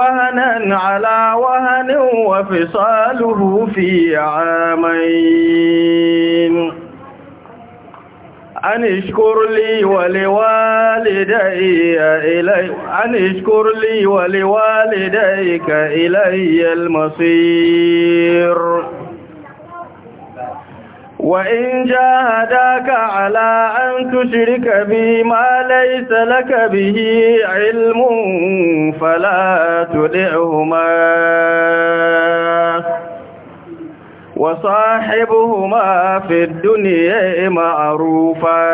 وهنا على وهن وفصاله في عامين أن اشكر لي ولوالدي إلي أن اشكر لي ولوالديك إلي المصير وإن جاهداك على أن تشرك بي ما ليس لك به علم فلا تدعهما وصاحبهما في الدنيا معروفا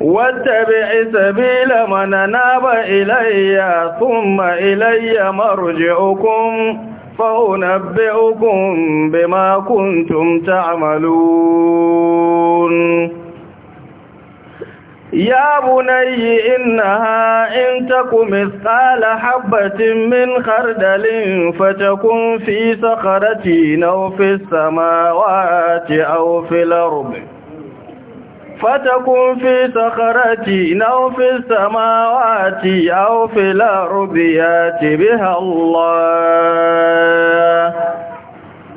واتبع سبيل من ناب إلي ثم إلي مرجعكم فأنبئكم بما كنتم تعملون يا بني إنها إن تك مثقال حبة من خردل فتكن في صخرة أو في السماوات أو في الأرض فتكن في صخرة أو في السماوات أو في الأرض ياتي بها الله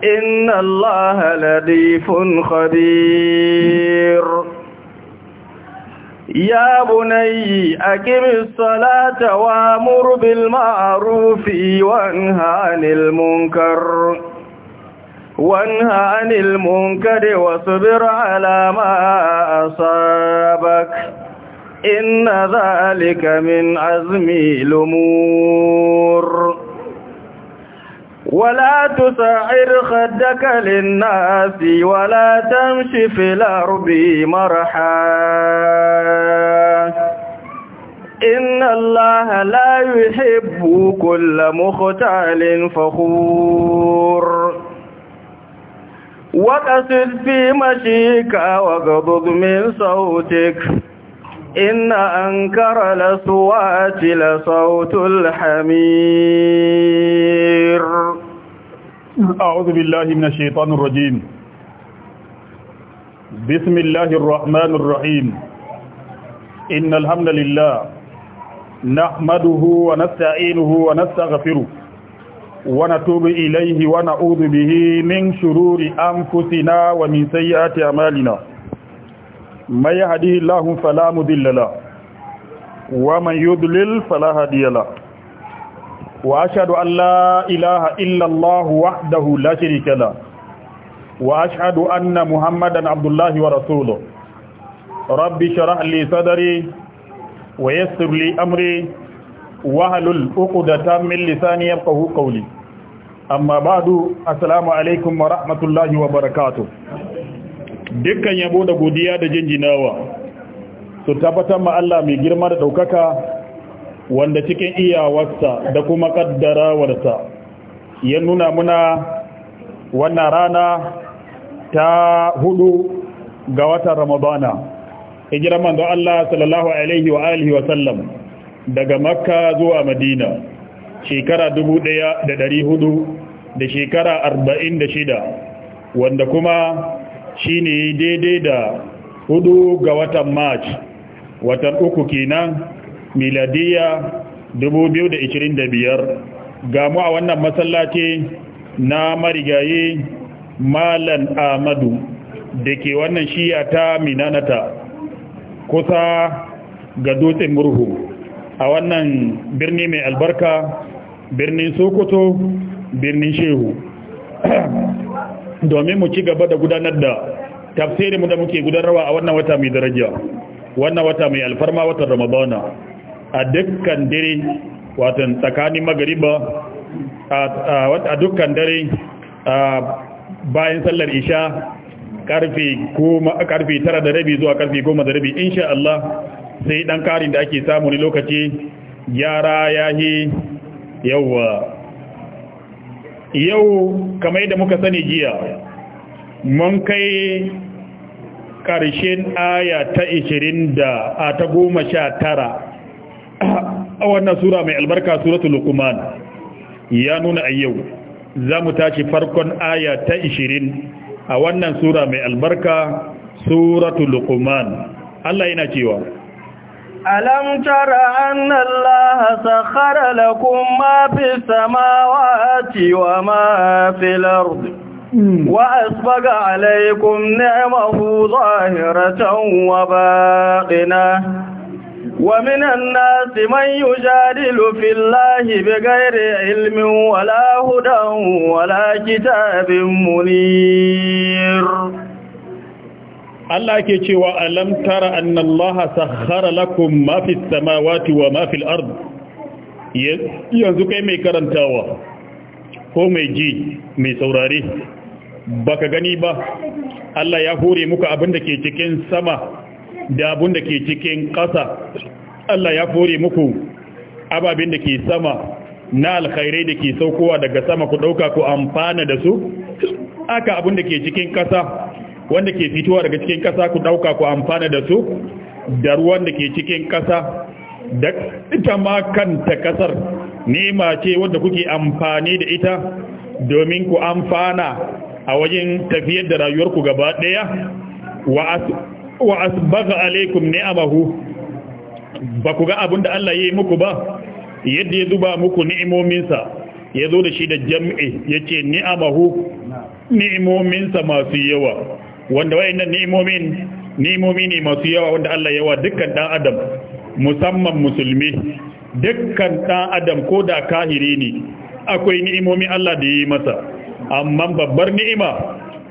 إن الله لطيف خبير يا بني أقم الصلاة وامر بالمعروف وانهى عن المنكر وانه عن المنكر واصبر على ما أصابك إن ذلك من عزم الأمور ولا تسعر خدك للناس ولا تمشي في الأرض مرحا إن الله لا يحب كل مختال فخور وقصد في مشيك وغضض من صوتك إن أنكر الأصوات لصوت الحمير أعوذ بالله من الشيطان الرجيم بسم الله الرحمن الرحيم إن الحمد لله نحمده ونستعينه ونستغفره ونتوب إليه ونعوذ به من شرور أنفسنا ومن سيئات أعمالنا من يهدي الله فلا مضل له ومن يضلل فلا هادي له وأشهد أن لا إله إلا الله وحده لا شريك له وأشهد أن محمدا عبد الله ورسوله ربي شرح لي صدري ويسر لي أمري wahalul da min lisani yafqahu qawli amma ba'du assalamu alaikum wa rahmatullahi wa barakatuh dukkan yabo da godiya da jinjinawa su tabbatar ma Allah mai girma da daukaka wanda cikin iyawarsa da kuma kaddarawarsa ya nuna muna wannan rana ta hudu ga watan Ramadana hijiran manzo Allah sallallahu alaihi wa alihi wa sallam daga makka zuwa madina shekara dubu ɗaya da ɗari hudu da shekara arba'in da shida wanda kuma shi ne daidai da hudu ga watan march watan uku kenan miladiya dubu biyu da ishirin da biyar gamu a wannan masallaci na marigaye malan amadu da ke wannan shiya ta minanata kusa ga dutsen murhu a wannan birni mai albarka birnin sokoto birnin shehu domin mu ci gaba da gudanar da tafsirinmu da muke gudanarwa a wannan wata mai daraja wannan wata mai alfarma watan ramadana a dukkan dare watan tsakanin magariba a dukkan dare bayan sallar isha karfe 9:30 da rabi zuwa karfe goma da rabi insha Allah sai dan karin da ake samu ne lokaci gyara yahi yawa yau kamar yadda muka sani jiya mun kai ƙarshen aya ta 20 da a ta 19 a wannan sura mai albarka suratul luqman ya nuna a yau za mu tashi farkon aya ta 20 a wannan sura mai albarka suratul luqman Allah yana cewa ألم تر أن الله سخر لكم ما في السماوات وما في الأرض وأسبق عليكم نعمه ظاهرة وباقنة ومن الناس من يجادل في الله بغير علم ولا هدى ولا كتاب منير Allah ke cewa alam tara annallaha sakhara lakum ma fis samawati wa ma fil ard yanzu kai mai karantawa ko mai ji mai saurare baka gani ba Allah ya hore muka abin ke cikin sama da abin ke cikin ƙasa Allah ya hore muku ababen da ke sama na alkhairai da ke saukowa daga sama ku dauka ku amfana da su aka abin ke cikin ƙasa wanda ke fitowa daga cikin ƙasa ku ɗauka ku amfana da su da ruwan da ke cikin kasa da ita ma kanta ƙasar nema ce wanda kuke amfani da ita domin ku amfana a wajen tafiyar da rayuwarku gaba ɗaya wa asbagha alaikum ni'amahu ba ku ga abin da Allah ya yi muku ba yadda ya zuba muku ni'imominsa ya zo da shi da jam'i ya ce ni'amahu ni'imominsa masu yawa wanda wayannan ni'imomin ni'imomi ne masu yawa wanda Allah yawa dukkan dan adam musamman musulmi dukkan dan adam ko da kahiri ne akwai ni'imomi Allah da yi masa amma babbar ni'ima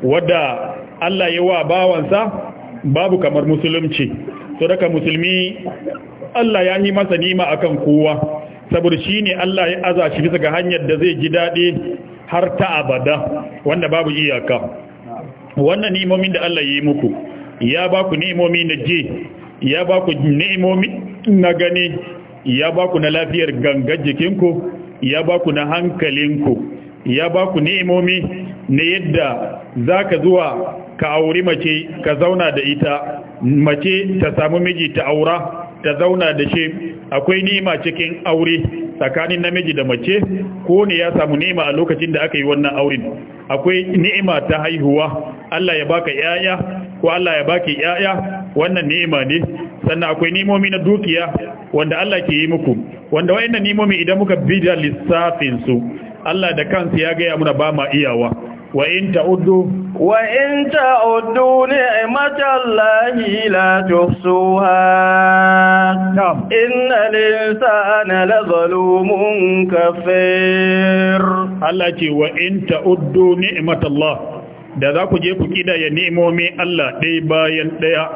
wadda Allah yawa bawansa babu kamar musulunci to daga musulmi Allah ya yi masa ni'ima akan kowa saboda shine Allah ya aza shi bisa ga hanyar da zai ji dadi har ta abada wanda babu iyaka wannan ni'imomin da Allah ya yi muku ya ba ku ni'imomi na ji ya ba ku ni'imomi na gani ya ba ku na lafiyar gangar jikinku ya ba ku na hankalinku ya ba ku ni'imomi na yadda za ka zuwa ka auri mace ka zauna da ita mace ta samu miji ta aura ta zauna da shi akwai ni'ima cikin aure tsakanin namiji da mace ko ne ya samu ni'ima a lokacin da aka yi wannan auren akwai ni'ima ta haihuwa Allah ya baka yaya ko Allah ya baki yaya wannan ni'ima ne sannan akwai nimomi na dukiya wanda Allah ke yi muku wanda wayannan nimomi idan muka bida da lissafin su Allah da kansa ya gaya muna ba ma iyawa wa in ta'uddu wa in ta'uddu ni'matallahi la tuhsuha نعم إن الإنسان لظلوم كفير الله تي وإن تؤدوا نعمة الله da za ku je ku kidaya ni'imomi Allah ɗaya bayan ɗaya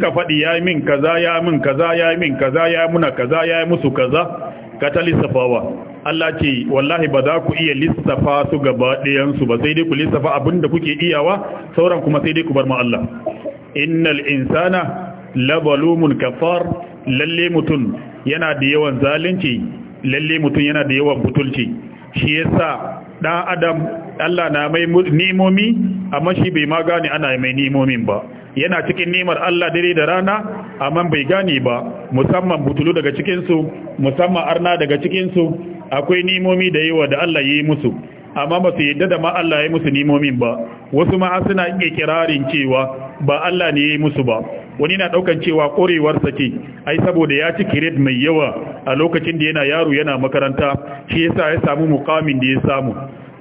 ka faɗi ya yi min kaza ya yi min kaza ya yi min kaza ya muna kaza ya yi musu kaza ka ta lissafawa Allah ce wallahi ba za ku iya lissafa su gaba ɗayansu ba sai dai ku lissafa abin da kuke iyawa sauran kuma sai dai ku bar ma Allah innal insana la zalumun kafar lalle mutum yana da yawan zalunci lalle mutum yana da yawan butulci shi yasa dan adam Allah na mai nimomi amma shi bai ma gane ana mai nimomin ba yana cikin nimar Allah dare da rana amma bai gane ba musamman butulu daga cikin su musamman arna daga cikin su akwai nimomi da yawa da Allah yi musu amma ba su yadda da ma Allah ya yi musu nimomin ba wasu ma suna iya kirarin cewa ba Allah ne ya yi musu ba wani na daukan cewa kwarewarsa ce ai saboda ya ci kiret mai yawa a lokacin da yana yaro yana makaranta shi yasa ya samu mukamin da ya samu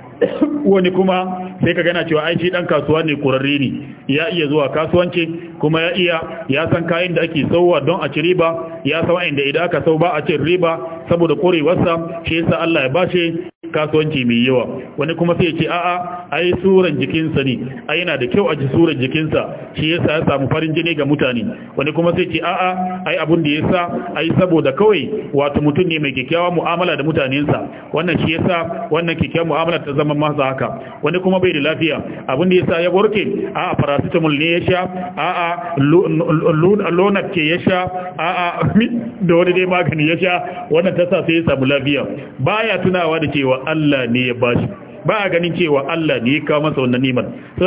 wani kuma sai ka gana cewa ai shi dan kasuwa ne kurarre ne ya iya zuwa kasuwanci kuma ya iya ya san kayan da ake sauwa don a ci riba ya san inda idan aka sau ba a cin riba saboda korewarsa shi yasa Allah ya bashi kasuwanci mai yawa wani kuma sai ce a'a ai suran jikinsa ne ai yana da kyau a ji suran jikinsa shi yasa ya samu farin jini ga mutane wani kuma sai ce a'a ai abun da yasa ai saboda kawai wato mutum ne mai kyakkyawa mu'amala da mutanensa wannan shi yasa wannan kikkiawa mu'amala ta zama masa haka wani kuma bai da lafiya abun da yasa ya warke a'a paracetamol ne ya sha a'a lonat ke ya sha a'a da wani dai magani ya sha wannan ta sa sai ya samu lafiya baya tunawa da cewa Allah ne ya bashi ba a ganin cewa Allah ne ya kawo masa wannan niman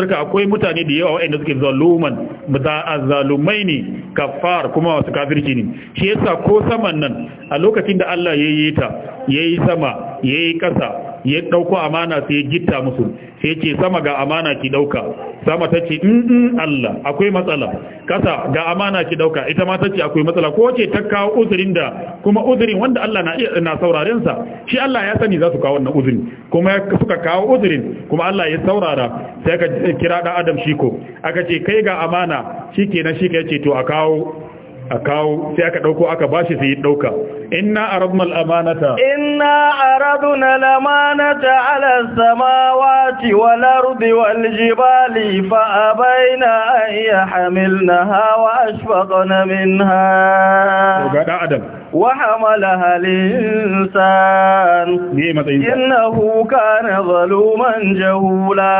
ka akwai mutane da yawa waɗanda suke zaluman muta'azzalumai ne kafar kuma wasu kafirci ne shi yasa ko saman nan a lokacin da Allah ya yi ta ya yi sama ya yi ƙasa ya ɗauko amana sai ya gitta musu sai ce sama ga amana ki ɗauka sama ta ce in Allah akwai matsala ƙasa ga amana ki ɗauka ita ma ta ce akwai matsala ko ce ta kawo uzurin da kuma uzurin wanda Allah na na sauraren sa shi Allah ya sani za su kawo wannan uzurin kuma suka kawo uzurin kuma Allah ya saurara sai ka kira da Adam shi ko aka ce kai ga amana shi kenan shi ka ce to a kawo a kawo sai aka dauko aka bashi sai dauka inna aradna al-amanata inna aradna al-amanata ala as-samawati wal-ardi wal-jibali fa abaina an yahmilnaha wa ashfaqna minha ga da adam wa hamalaha al-insan ne matsayin innahu kana zaluman jahula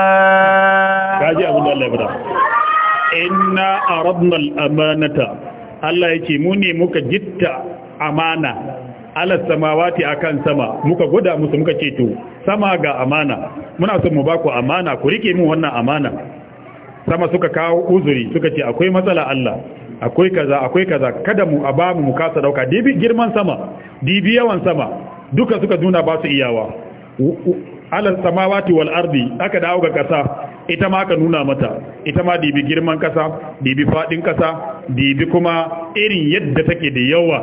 kaji abun da Allah ya bada inna aradna al-amanata Allah ya ce mu ne muka jitta amana ala samawati akan sama muka goda musu muka ce to sama ga amana muna so mu ba ku amana ku rike mu wannan amana sama suka kawo uzuri suka ce akwai matsala Allah akwai kaza akwai kaza kada mu abamu mu kasa dauka dibi girman sama dibi yawan sama duka suka nuna ba su iyawa alal samawati wal ardi aka dawo ga kasa ita ma aka nuna mata ita ma dibi girman kasa dibi fadin kasa dibi kuma irin yadda take da yawa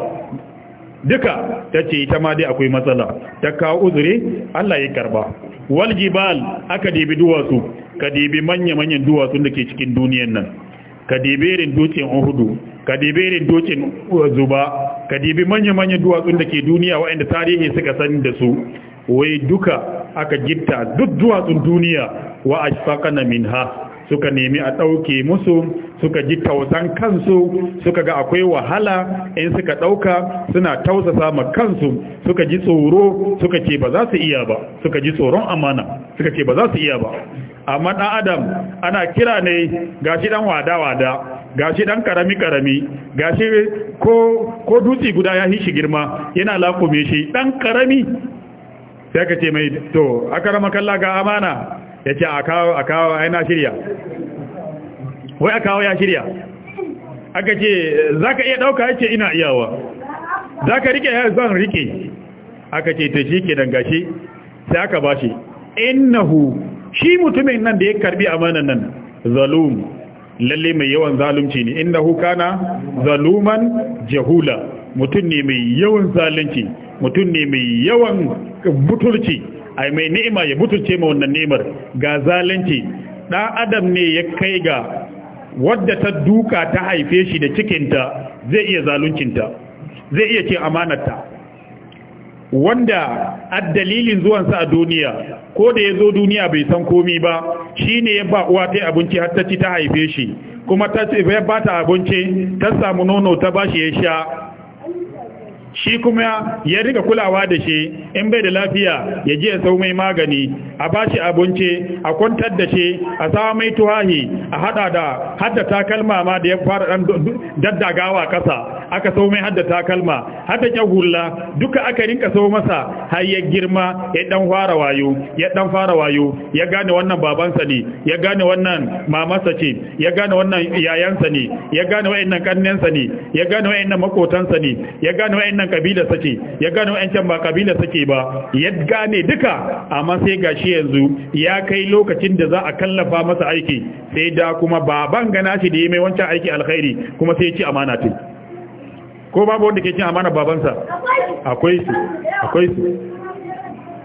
duka ta ce ita ma dai akwai matsala ta kawo uzuri Allah ya karba wal jibal aka dibi duwatsu ka dibi manya-manyan duwatsu da ke cikin duniyar nan ka dibi irin dutsen uhudu ka dibi irin dutsen zuba ka dibi manya-manyan duwatsu da ke duniya waɗanda tarihi suka sani da su wai duka aka gitta duk duwatsun duniya wa na minha suka nemi a ɗauke musu suka ji tausan kansu suka ga akwai wahala in suka ɗauka suna tausasa ma kansu suka ji tsoro suka ce ba za su iya ba suka ji tsoron amana suka ce ba za su iya ba amma ɗan adam ana kira ne gashi ɗan wada-wada gashi dan karami-karami gashi ko, ko dutse guda ya shi girma yana lakume shi ɗan karami sai ka ce mai to aka rama kalla ga amana ya ce a kawo a kawo aina shirya wai a kawo ya shirya aka ce za ka iya ɗauka ya ce ina iyawa za ka rike ya zan rike aka ce ta shi ke dangashi sai aka ba shi innahu shi mutumin nan da ya karbi amanan nan zalum lalle mai yawan zalunci ne innahu kana zaluman jahula mutum ne mai yawan zalunci mutum ne mai yawan butulci ai mai ni'ima ya butulce ma wannan ni'imar ga zalunci ɗan adam ne ya kai ga wadda ta duka ta haife shi da cikinta zai iya zaluncinta zai iya ce amanarta wanda a dalilin zuwansa a duniya ko da ya zo duniya bai san komi ba shi ne ya ba uwa ta abinci har ta ci ta haife shi kuma ta ce ya ba ta abinci ta samu nono ta ba shi ya sha shi kuma ya riga kulawa da shi in bai da lafiya ya ji ya sau mai magani a bashi abinci a kwantar da shi a sawa mai tuhahi a hada da hadda takalma ma da ya fara dan daddagawa kasa aka sau mai hadda takalma hadda ya hula duka aka rinka sau masa har ya girma ya dan fara wayo ya dan fara wayo ya gane wannan babansa ne ya gane wannan mamansa ce ya gane wannan yayansa ne ya gane wayannan kannensa ne ya gane wayannan makotansa ne ya gane wayannan wannan kabila sake ya gano can ba kabila sake ba ya gane duka amma sai gashi yanzu ya kai lokacin da za a kallafa masa aiki sai da kuma baban gana shi da ya mai wancan aiki alkhairi kuma sai ya ci amana ce ko babu wanda ke cin amana babansa akwai akwai su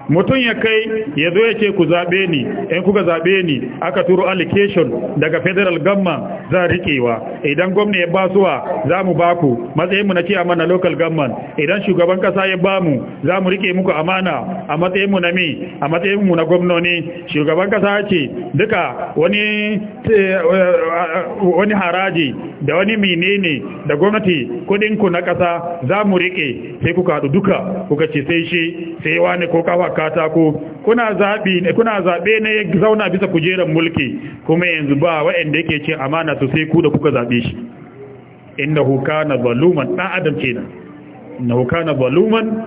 mutum ya kai ya zo ya ce ku zaɓe ni in kuka zaɓe ni aka turo allocation daga federal gamma za riƙewa idan gwamna ya basuwa za mu baku matsayinmu na ciyama mana local gamman idan shugaban ƙasa ya bamu za mu riƙe muku amana a matsayinmu na mi a matsayinmu na gwamnoni shugaban ƙasa ce duka wani eh, wani haraji da wani menene da gwamnati kuɗinku na ƙasa za mu riƙe sai kuka haɗu duka kuka ce sai shi sai wani ko kawa katako kuna zabi ne kuna zabe ne zauna bisa kujerar mulki kuma yanzu ba waɗanda yake ce amana su sai ku da kuka zabe shi huka kana zaluman dan adam kenan huka kana zaluman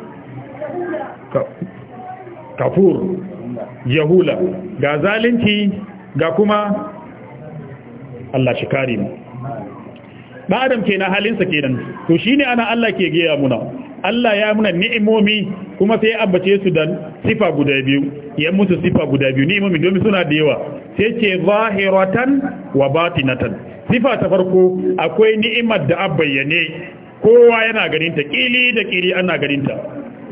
kafur jahula ga zalunci ga kuma Allah shi kare dan adam kenan halinsa kenan to shi ne ana Allah ke gaya muna Allah ya muna ni'imomi kuma sai ambace su da sifa guda biyu ya musu sifa guda biyu ni'imomi domin suna da yawa sai ce zahiratan wa batinatan sifa ta farko akwai ni'imar da abayyane kowa yana ganin ta kili da kili ana ganin ta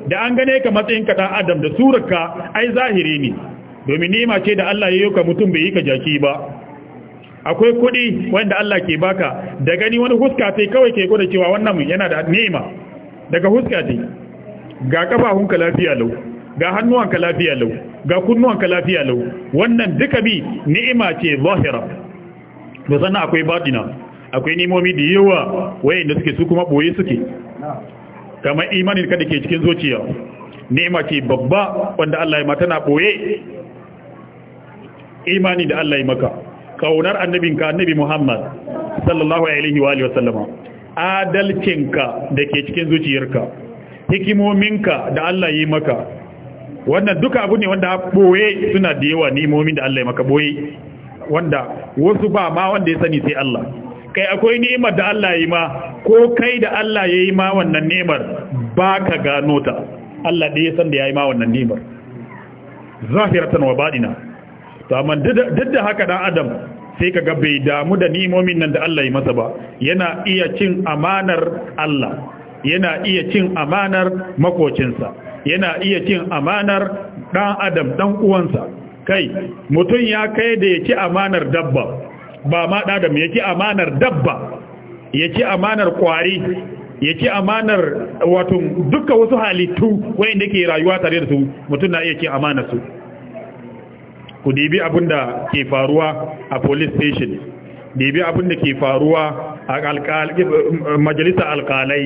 da an gane ka matsayin ka dan adam da surarka ai zahiri ne domin ni'ima ce da Allah ya yi ka mutum bai yi ka jaki ba akwai kuɗi wanda Allah ke baka da gani wani huska sai kawai ke gwada cewa wannan yana da nema daga huska ce ga kafafunka lafiya lau ga hannuwanka lafiya lau ga kunnuwanka lafiya lau wannan duka bi ni'ima ce zahira da sannan akwai badina akwai nimomi da yawa da suke su kuma boye suke kamar imanin ka da ke cikin zuciya ni'ima ce babba wanda Allah ya mata na boye imani da Allah ya maka kaunar annabinka annabi Muhammad sallallahu alaihi wa alihi sallama adalcinka da ke cikin zuciyarka hikimominka da Allah yi maka wannan duka abu ne wanda boye suna da yawa ni'imomin da Allah ya maka boye wanda wasu ba ma wanda ya sani sai Allah kai akwai ni'imar da Allah ya yi ma ko kai da Allah ya yi ma wannan ni'imar ba ka gano ta Allah ɗaya san da ya yi ma wannan ni'imar zahiratan wa badina to amma duk da haka dan adam sai kaga bai damu da nimomin nan da Allah ya masa ba yana iya cin amanar Allah yana iya cin amanar makocinsa yana iya cin amanar dan adam dan uwansa kai mutum ya kai da ya ci amanar dabba ba ma da ya ci amanar dabba ya ci amanar kwari ya ci amanar wato duka wasu halittu wayanda ke rayuwa tare da su mutum na iya ci amanar su ku dibi abin da ke faruwa a police station dibi abin da ke faruwa a eh, majalisa alkalai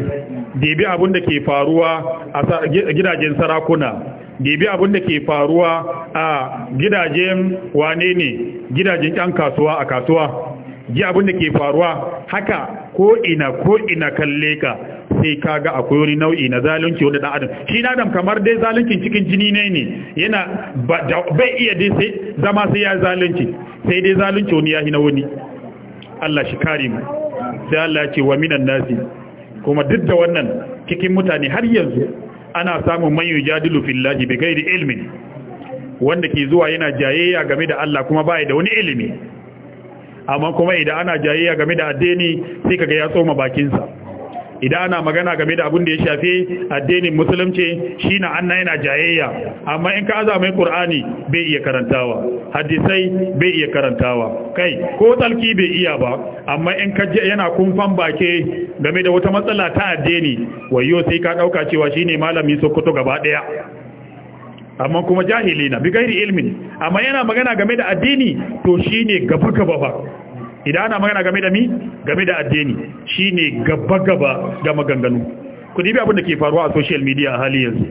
dibi abin da ke faruwa a gidajen sarakuna dibi abin da ke faruwa a gidajen wane ne gidajen yan kasuwa a kasuwa ji abin da ke faruwa haka ko ina ko ina kalle ka sai kaga akwai wani nau'i na zalunci wanda dan adam shi dan adam kamar dai zaluncin cikin jini ne ne yana bai iya dai sai zama sai ya zalunci sai dai zalunci wani yahi na wani Allah shi kare mu sai Allah ya ce wa minan nasi kuma duk da wannan cikin mutane har yanzu ana samun man yujadilu fillahi bi ghairi ilmin wanda ke zuwa yana jayayya game da Allah kuma baya da wani ilimi amma kuma idan ana jayayya game da addini sai kaga ya tsoma bakinsa idan ana magana game da abin da ya shafi addinin musulunci shi na anna yana jayayya amma in ka aza qur'ani bai iya karantawa hadisai bai iya karantawa kai ko talki bai iya ba amma in ka yana kumfan bake game da wata matsala ta addini wayo sai ka dauka cewa shine malami sokoto gaba daya amma kuma jahili na bigairi ilmin amma yana magana game da addini to shine gaba gaba ba idan ana magana game da mi game da addini shine gaba gaba da maganganu ku dibi abin da ke faruwa a social media a hali yanzu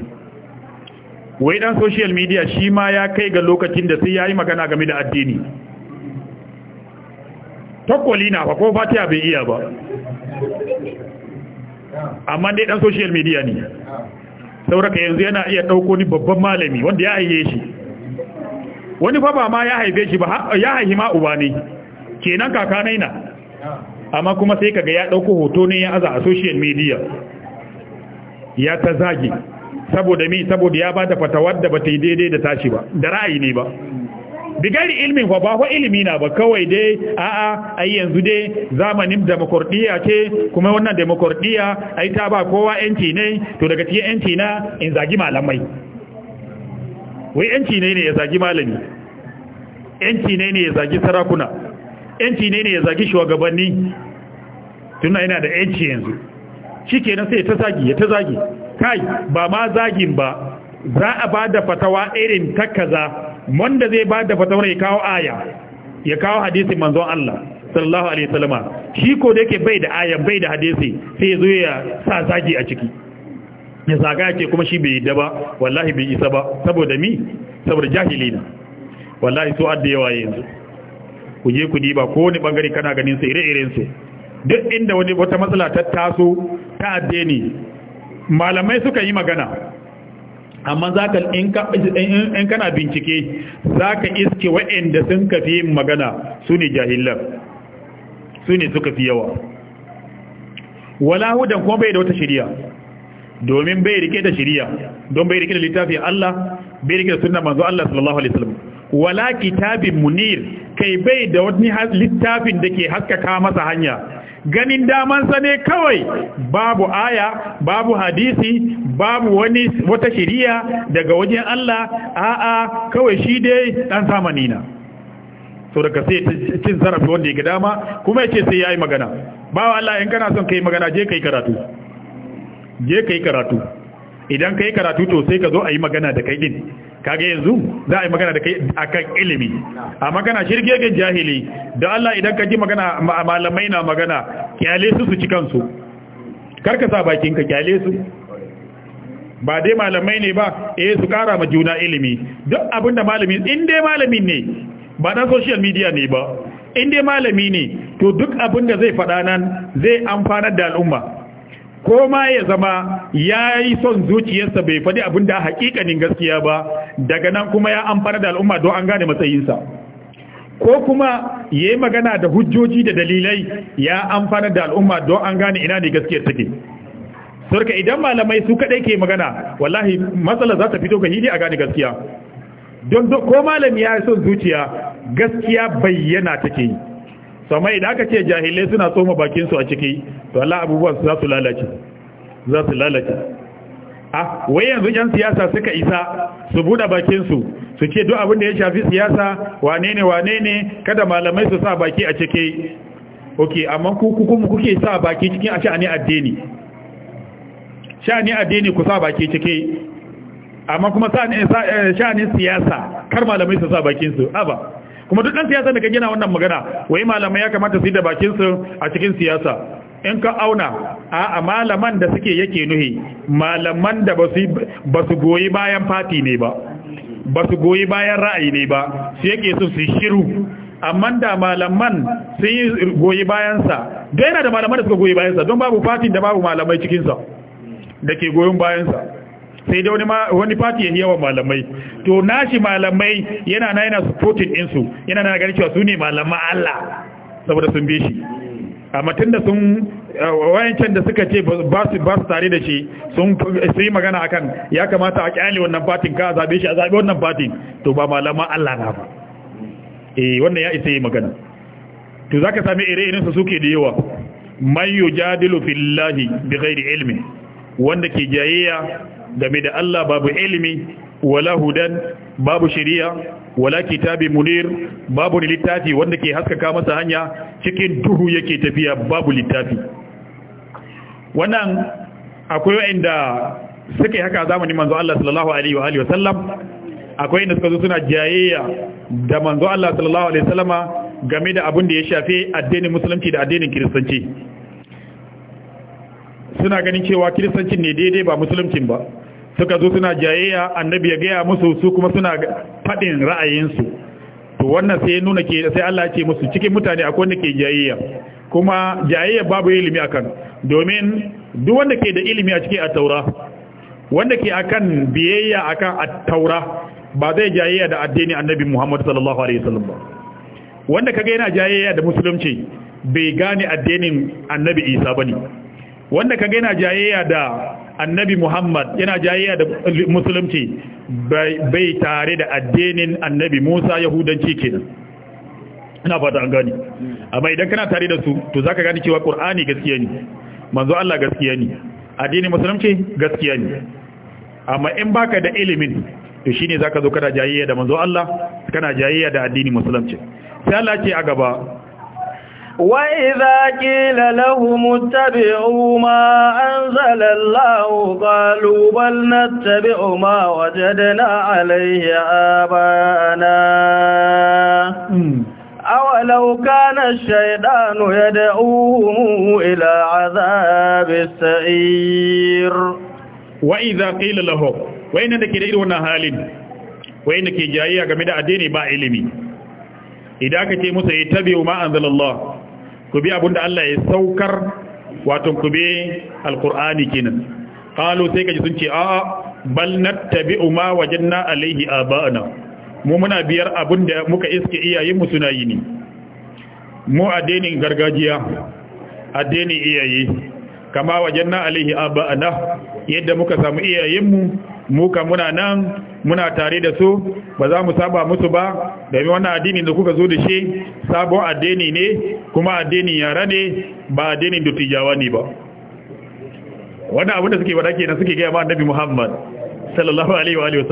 wai dan social media shi ma ya kai ga lokacin da sai yayi magana game da addini takwali na fa ko fatiya bai iya ba amma dai dan social media ne sauraka yanzu yana iya ɗauko ni babban malami wanda ya haife shi wani fa ba ma ya haife shi ba ya haihi ma uba ne kenan kaka na amma kuma sai kaga ya ɗauko hoto ne ya aza a social media ya ta zagi saboda mi saboda ya ba da fatawar da ba ta yi daidai da tashi ba da ra'ayi ne ba bigari ilmin fa ba fa ilimi na ba kawai dai a'a ai yanzu dai zamanin demokradiya ce kuma wannan demokradiya ai ta ba kowa yanci ne to daga cikin yanci na in zagi malamai wai yanci ne ne ya zagi malami yanci ne ne ya zagi sarakuna yanci ne ne ya zagi shugabanni Tun yana da yanci yanzu na sai ta zagi ya ta zagi kai ba ma zagin ba za a ba da fatawa irin ta kaza wanda zai ba da fatawar ya kawo aya ya kawo hadisi manzon Allah sallallahu alaihi wasallama shi ko da yake bai da aya bai da hadisi sai zo ya sa zagi a ciki ya zaga yake kuma shi bai da ba wallahi bai isa ba saboda mi saboda jahilina wallahi su adda yawa yanzu ku je ku diba ko ni bangare kana ganin su ire-iren su duk inda wani wata matsala ta taso ta addini malamai suka yi magana amma zaka ka in kana bincike zaka iske waɗanda sun kafi yin magana sune su ne suka fi yawa wala hudan kuma bai da wata shari'a domin bai rike da shari'a don bai rike da littafi Allah bai rike da sunnar manzo Allah sallallahu alaihi wasallam wala kitabin munir kai bai da wani littafin da ke haskaka masa hanya ganin damansa ne kawai babu aya babu hadisi babu wani wata shiriya daga wajen Allah a'a kawai shi dai dan zamani na so daga sai cin zarafi wanda yake dama kuma yace sai yayi magana bawo Allah in kana son kai magana je kai karatu je kai karatu idan kai karatu to sai ka zo ayi magana da kai din kage yanzu za a yi magana da kai kan ilimi a magana ga jahili da Allah idan ka ji magana malamai na magana kyale su su ci kansu karka sa bakin ka kyale su ba dai malamai ne ba eh su kara ma juna ilimi duk abinda malami in dai malami ne ba na social media ne ba in dai malami ne to duk abinda zai faɗa nan zai amfanar da al'umma ko ma ya zama ya yi son zuciyarsa bai faɗi abin da hakikanin gaskiya ba daga nan kuma ya amfana da al'umma don an gane matsayinsa ko kuma ya yi magana da hujjoji da dalilai ya amfana da al'umma don an gane ina ne gaskiyar take sarka idan malamai su kaɗai ke magana wallahi matsala za ta fito ga hili a gane gaskiya don ko malami ya yi son zuciya gaskiya bayyana take yi sama idan aka ce jahilai suna tsoma bakinsu a ciki to Allah abubuwan su za su lalace za su lalace ah wai yanzu yan siyasa suka isa su buɗe bakinsu su ce duk abin da ya shafi siyasa wane ne wane ne kada malamai su sa baki a ciki ok amma ku kuma kuke sa baki cikin a sha'ani addini sha'ani addini ku sa baki ciki amma kuma eh, eh, sha'anin siyasa kar malamai su sa bakinsu aba kuma duk dan siyasa da kage yana wannan magana wai malamai ya kamata su yi da bakin su a cikin siyasa in ka auna a malaman da suke yake nuhi malaman da ba su goyi bayan fati ne ba ba su goyi bayan ra'ayi ne ba su yake su su shiru amma da malaman sun yi goyi bayansa don yana da malaman da suka goyi bayansa don babu fati da babu malamai cikinsa da ke goyon bayansa sai da wani fati ya yawan malamai to nashi malamai yana na yana supporting insu, yana na ganin cewa su ne malama Allah saboda sun bi shi amma tun da sun eh, wayancan da suka ce ba su tare da shi sun yi magana akan ya kamata a kyale wannan fatin ka zabe shi a zabe wannan fatin to ba malama Allah na ba eh wannan ya isa yi magana to za ka sami ire-iren su suke da yawa man yujadilu fillahi bighairi ilmi wanda ke jayayya game da Allah babu ilimi wala hudan babu shari'a wala kitabi munir babu littafi wanda ke haskaka masa hanya cikin duhu yake tafiya babu littafi wannan akwai wanda suke haka zamanin manzo Allah sallallahu alaihi wa alihi wasallam akwai inda suka zo suna jayayya da manzo Allah sallallahu alaihi wasallama game da abin da ya shafe addinin musulunci da addinin kiristanci suna ganin cewa kiristancin ne daidai ba musulmcin ba suka zo suna jayayya annabi ya gaya musu su kuma suna faɗin ra'ayinsu to wannan sai nuna ke sai Allah ya ce musu cikin mutane akwai wanda ke jayayya kuma jayayya babu ilimi akan domin duk wanda ke da ilimi a cikin at-taura wanda ke akan biyayya akan at-taura ba zai jayayya da addini annabi Muhammad sallallahu alaihi wasallam ba wanda kaga yana jayayya da musulunci bai gane addinin annabi Isa bane wanda kaga yana jayayya da annabi Muhammad yana jayayya da musulunci bai tare da addinin annabi Musa yahudanci kenan ina fata an gani amma idan kana tare da su to zaka gani cewa Qur'ani gaskiya ne manzo Allah gaskiya ne addinin musulunci gaskiya ne amma in baka da ilimin to shine zaka zo kana jayayya da manzo Allah kana jayayya da addinin musulunci sai Allah ce a gaba وإذا قيل لهم اتبعوا ما أنزل الله قالوا بل نتبع ما وجدنا عليه آبانا أولو كان الشيطان يدعوهم إلى عذاب السعير وإذا قيل لهم وإن نكيد إلونا هالين وإن كي جاية قمد أديني با إلمي إذا كتي موسى يتبعوا ما أنزل الله ku bi da Allah ya saukar wato ku bi alqur'ani kenan qalu sai kaji sun ce a bal nattabi'u ma wajanna alaihi aba'ana mu muna biyar da muka iske iyayen mu suna yi ne mu addinin gargajiya addinin iyaye kama wajenna alaihi aba'ana yadda muka samu iyayenmu muka muna nan muna tare da su ba za mu saba musu ba domin wannan addini da kuka zo da shi sabon addini ne kuma addinin yara ne ba addinin tijawa ne ba wannan abin da suke faɗa kenan suke gaya ma annabi Muhammad sallallahu alaihi wa alihi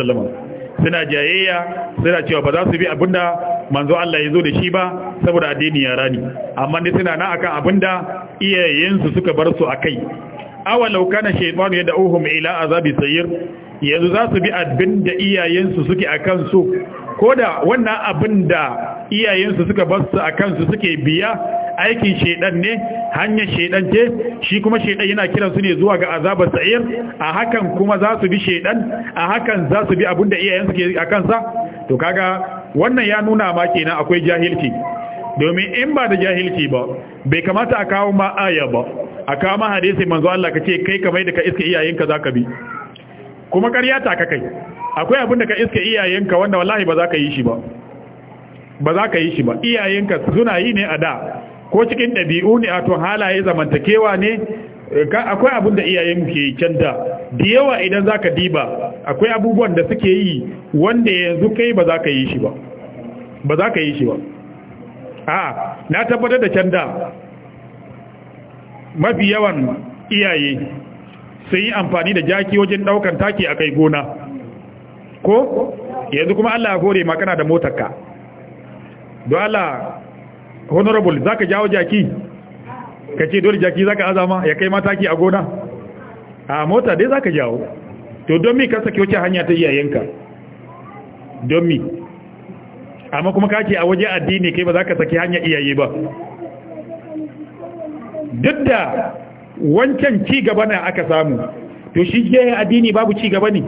suna jayayya suna cewa ba za su bi abinda manzo Allah ya zo da shi ba saboda addini ya rani amma ne suna nan akan abinda iyayensu suka bar su akai law kana shaytanu yad'uhum ila azabi sayir yanzu za su bi abinda iyayensu suke akan su koda wannan abinda iyayensu suka basu a kansu suke biya aikin shedan ne hanyar shedan ce shi kuma shedan yana kiran su ne zuwa ga azabar sa'ir a hakan kuma za su bi shedan a hakan za su bi abinda iyayensu ke a kansa to kaga wannan ya nuna ma kenan akwai jahilci domin in ba da jahilci ba bai kamata a kawo ma aya ba a kawo ma hadisi manzo Allah ka ce kai kamar da ka iska iyayenka zaka bi kuma ƙarya ta kai akwai abinda ka iska iyayenka wanda wallahi ba za ka yi shi ba ba za ka yi shi ba iyayenka suna yi ne a da ko cikin ɗabi'u ne a to halaye zamantakewa ne eh, akwai abin da iyayen ke can da da yawa idan za ka diba akwai abubuwan da suke yi wanda yanzu kai ba za ka yi shi ba ba za ka yi shi ba a na tabbatar da can da mafi yawan iyaye sun yi amfani da jaki wajen ɗaukan taki a kai gona ko yanzu kuma allah ya gore makana da motarka don Allah honorable za ka jawo jaki ka ce dole jaki za ka azama ya kai mataki a gona a mota dai za ka jawo to don mi ka sake wuce hanya ta iyayenka don mi amma kuma kake a waje addini kai ba za ka sake hanya iyaye ba duk da wancan ci gaba na aka samu to shi gefe addini babu ci gaba ne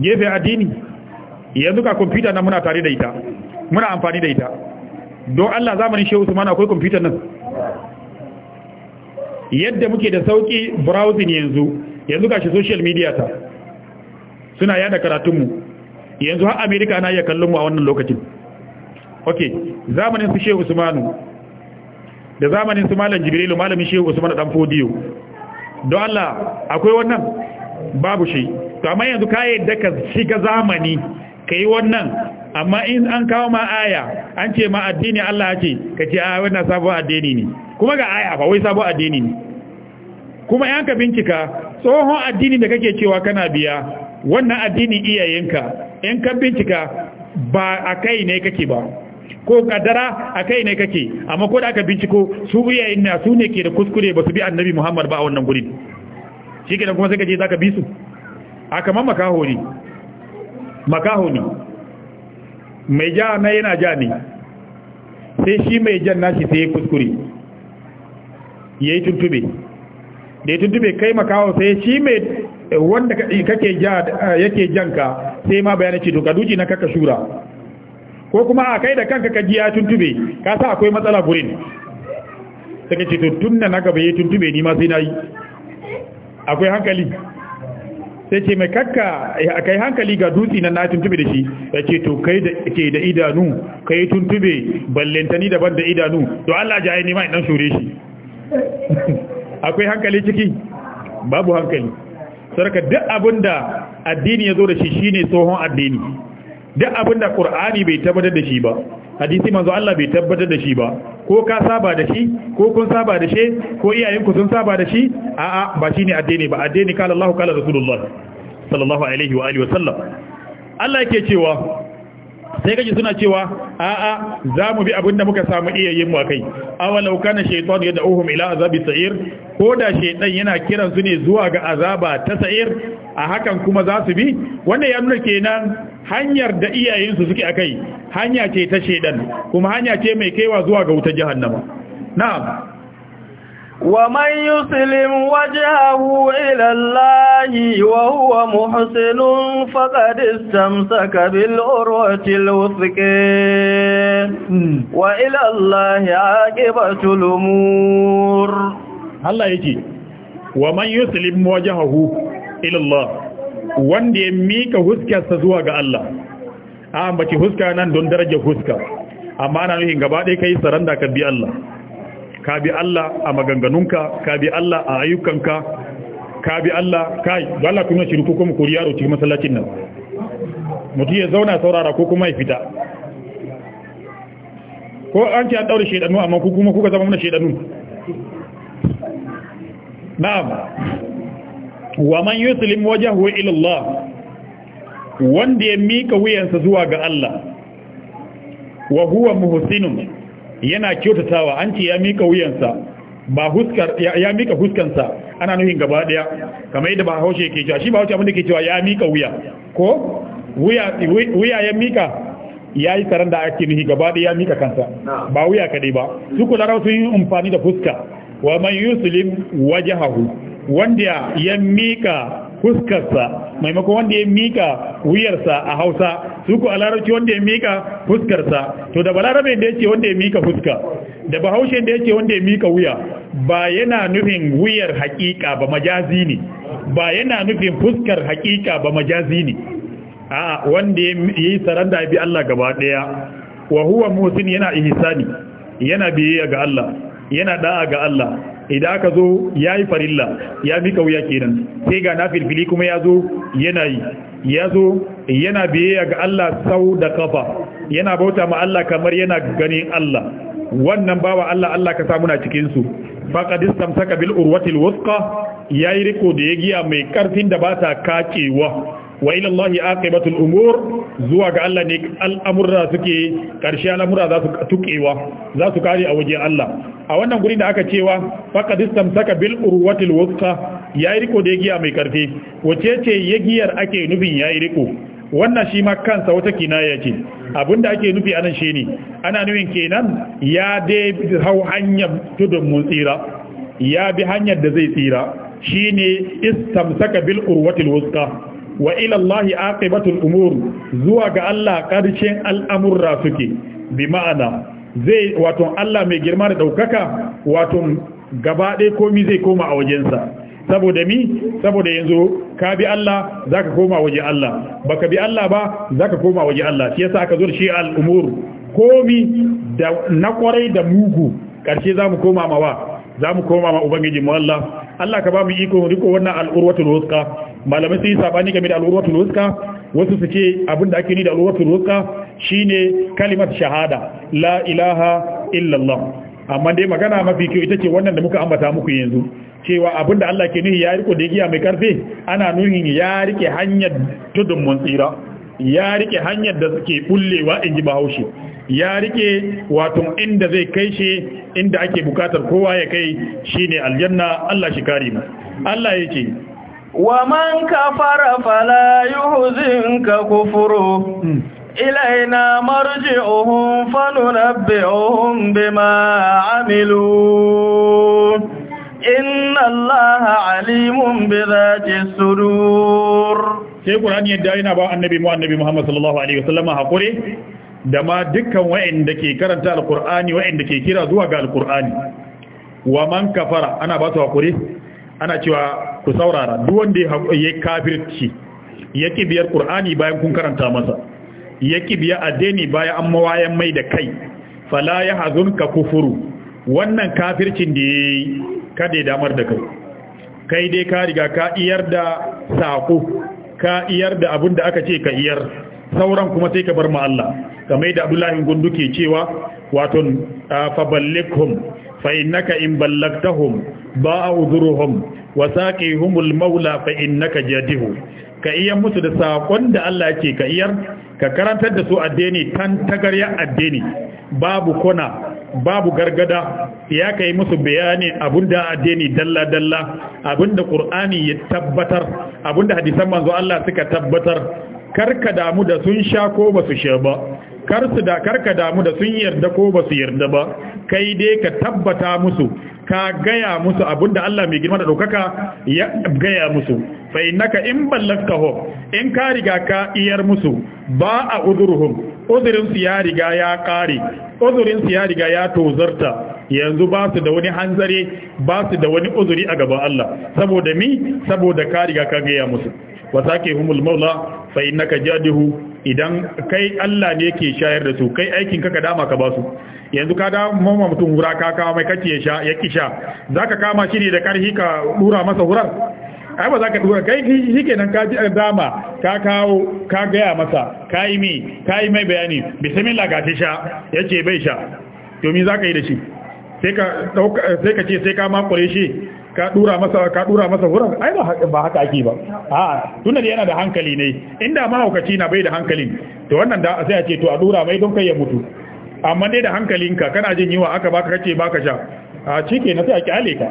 gefe addini yanzu ka kwamfuta na muna tare da ita muna amfani da ita don Allah zamanin Shehu mana akwai computer nan yadda muke da sauki browsing yanzu yanzu gashi social media ta suna yada karatunmu yanzu har America na iya kallon mu a wannan lokacin ok zamanin su Shehu manu da zamanin su Malam jibirilu malamin Shehu Usman dan Fodiyo don Allah akwai wannan babu shi to amma yanzu kayan daga shiga zamani ka yi wannan amma in an kawo ma aya an ce ma addini Allah ce ka ce a ah, wannan sabo addini ne kuma ga aya ba wai sabo addini ne kuma yan ka bincika tsohon addini da kake cewa kana biya wannan addini iyayenka in ka bincika ba akai kai ne kake ba ko kadara a ne kake amma ko da aka binciko su iyayen na su ne ke da kuskure ba su bi annabi muhammad ba a wannan gurin shi kenan kuma sai ka je za bi su a kaman makaho ne makaho ne mai ja na yana ja ne sai shi mai jan nashi sai ya kuskure ya yi tuntube da ya tuntube kai makawo sai shi mai wanda kake ja yake janka sai ma bayanin ce to duji na kaka shura ko kuma a kai da kanka ka ji ya tuntube ka sa akwai matsala gurin sai ka ce tuntun tun na gaba ya tuntube ni ma sai na yi akwai hankali sai ce mai kakka eh, a kai hankali ga dutse na tuntube da shi ya ce to kai da ke da idanu kai tuntube ballentani daban da idanu to Allah ji aini mai dan shure shi akwai hankali ciki babu hankali sarka duk abinda addini ya zo da shi shine tsohon addini duk abin da qur'ani bai tabbatar da shi ba hadisi manzo Allah bai tabbatar da shi ba ko ka saba da shi ko kun saba da shi ko iyayenku sun saba da shi a'a ba shi ne addini ba addini kala Allah kala Rasulullah sallallahu alaihi wa alihi wa sallam Allah yake cewa sai kaji suna cewa a'a za mu bi abin da muka samu iya yin mu akai awalau kana shaytan yad'uhum ila azabi sa'ir ko da shaytan yana kiran su ne zuwa ga azaba ta sa'ir a hakan kuma za su bi wanda ya nuna kenan hanyar da iyayen su suke akai hanya ce ta shaytan kuma hanya ce mai kaiwa zuwa ga wutar jahannama na'am ومن يسلم وجهه إلى الله وهو محسن فقد استمسك بالأروة الوثق وإلى الله عاقبة الأمور الله يجي ومن يسلم وجهه إلى الله wanda ya mika huskarsa zuwa ga Allah a ambaci huska nan don darajar huska amma na nuhin gaba ɗaya ka yi saranda ka bi Allah ka bi Allah a maganganunka ka bi Allah a ayyukanka ka bi Allah kai da Allah kuma shiru ko kuma kuriya yaro cikin masallacin nan mutum ya zauna saurara ko kuma ya fita ko an ce an daure shedanu amma ku kuma kuka zama mana shedanu na'am wa man yuslim wajhahu ila Allah wanda ya mika wuyansa zuwa ga Allah wa huwa muhsinun yana kyautatawa an ce ya mika wuyansa ba huskar ya mika huskansa ana nuhin gaba daya kamar yadda ba haushe yake cewa shi ba haushe abin da ke cewa ya mika wuya ko wuya wuya ya mika ya yi tsaron da ake nuhi gaba daya ya mika kansa ba wuya kadai ba su kula rawa sun yi amfani da fuska wa man yuslim wajahahu wanda ya mika fuskarsa maimakon wanda ya mika wuyarsa a hausa su ku a larabci wanda ya mika fuskarsa to da balarabe da ya ce wanda ya mika fuska da bahaushe da ya ce wanda ya mika wuya ba yana nufin wuyar hakika ba majazi ne ba yana nufin fuskar hakika ba majazi ne a wanda ya yi saranda bi Allah gaba daya wa huwa musin yana ihsani yana biyayya ga Allah yana da'a ga Allah idan aka zo ya yi farilla ya mika wuya kenan sai ga na filfili kuma ya zo yana yi ya yana biyayya ga Allah sau da kafa yana bauta ma Allah kamar yana ganin Allah wannan bawa Allah Allah ka sa muna cikin su faqad istamsaka bil urwatil wuthqa yayi riko da ya giya mai karfin da ba ta kakewa wa ila Allah aqibatul umur zuwa ga Allah ne al'amurra suke karshe al'amurra za su tukewa za su kare a wajen Allah a wannan guri da aka cewa faqad istamsaka bil urwatil wuthqa yayi riko da giya mai karfi wace ce yagiyar ake nufin yayi riko wannan shi ma kansa wata kinaya ce abinda ake nufi anan shine ana nufin kenan ya dai hau hanyar tudun mun tsira ya bi hanyar da zai tsira shine istamsaka bil urwatil wuthqa wa ila aqibatul umur zuwa ga Allah karshen al'amurra suke bi ma'ana zai wato Allah mai girma da daukaka wato gaba ɗaya komi zai koma a wajensa saboda mi saboda yanzu ka bi Allah zaka koma waje Allah baka bi Allah ba zaka koma waje Allah shi yasa aka zo shi al'umur komi da na kwarai da mugu karshe zamu koma mawa zamu koma ma ubangiji mu Allah Allah ka ba mu iko riko wannan al'urwatul wusqa malamai sun yi sabani game da alwatul wuska wasu su abin da ake ni da alwatul wuska shine kalimar shahada la ilaha illallah amma dai magana mafi kyau ita ce wannan da muka ambata muku yanzu cewa abin da Allah ke nuhi ya riko da giya mai karfe ana nuhi ya rike hanyar tudun mun tsira ya rike hanyar da suke bullewa in ji bahaushe ya rike wato inda zai kai shi inda ake bukatar kowa ya kai shine aljanna Allah shi kare mu Allah yake ومن كفر فلا يحزنك كفره إلينا مرجعهم فننبئهم بما عملوا إن الله عليم بذات الصدور sai Qur'ani yadda yana ba annabi mu annabi Muhammad sallallahu alaihi wasallam hakuri da ma dukkan wa'anda ke karanta alqur'ani wa'anda ke kira zuwa ga alqur'ani wa man kafara ana ba su hakuri ana cewa ku saurara duk wanda ya kafirci ya biyar qur'ani bayan kun karanta masa ya biya addini bayan an mawayan mai da kai fala ya hazunka kufuru wannan kafircin da yayi kada ya damar da kai kai dai ka riga ka iyar da sako ka iyar da abin da aka ce ka iyar sauran kuma sai ka bar mu Allah kamar da Abdullahi Gundu ke cewa wato ballikum فإنك إن بلغتهم باءوا ذرهم وساقيهم المولى فإنك جاده ka iya musu da sakon da Allah ke ka iyar ka karantar da su addini tan addini babu kona babu gargada ya kai musu bayani abinda addini dalla dalla abinda qur'ani ya tabbatar da hadisan manzo Allah suka tabbatar karka damu da sun sha ko basu sha ba kar su da karka damu da sun yarda ko ba su yarda ba kai dai ka tabbata musu ka gaya musu abinda Allah mai girma da ɗaukaka ya gaya musu fa innaka in ho in ka riga ka iyar musu ba a uzuruhum uzurin su ya riga ya kare uzurin su ya riga ya tozarta yanzu ba su da wani hanzare ba su da wani uzuri a gaban Allah saboda mi saboda ka riga ka gaya musu wa sake humul maula fa innaka jadihu idan kai Allah ne ke shayar da su kai aikin ka ka dama ka ba su yanzu ka dama mamma mutum hura ka kama mai kake ya sha ya kisha zaka kama shi ne da karhi ka dura masa hurar ai ba zaka dura kai kenan ka ji dama ka kawo ka gaya masa kai mi kai mai bayani bismillah ka sha yace bai sha to mi zaka yi da shi sai ka sai ka ce sai ka makure shi ka dura masa ka dura masa wurin ai ba ba haka ake ba a tunda dai yana da hankali ne inda ma mahaukaci na bai da hankalin to wannan da sai a ce to a dura mai don kai ya mutu amma dai da hankalinka kana jin yiwa aka baka kace baka sha a cike na sai a kyale ka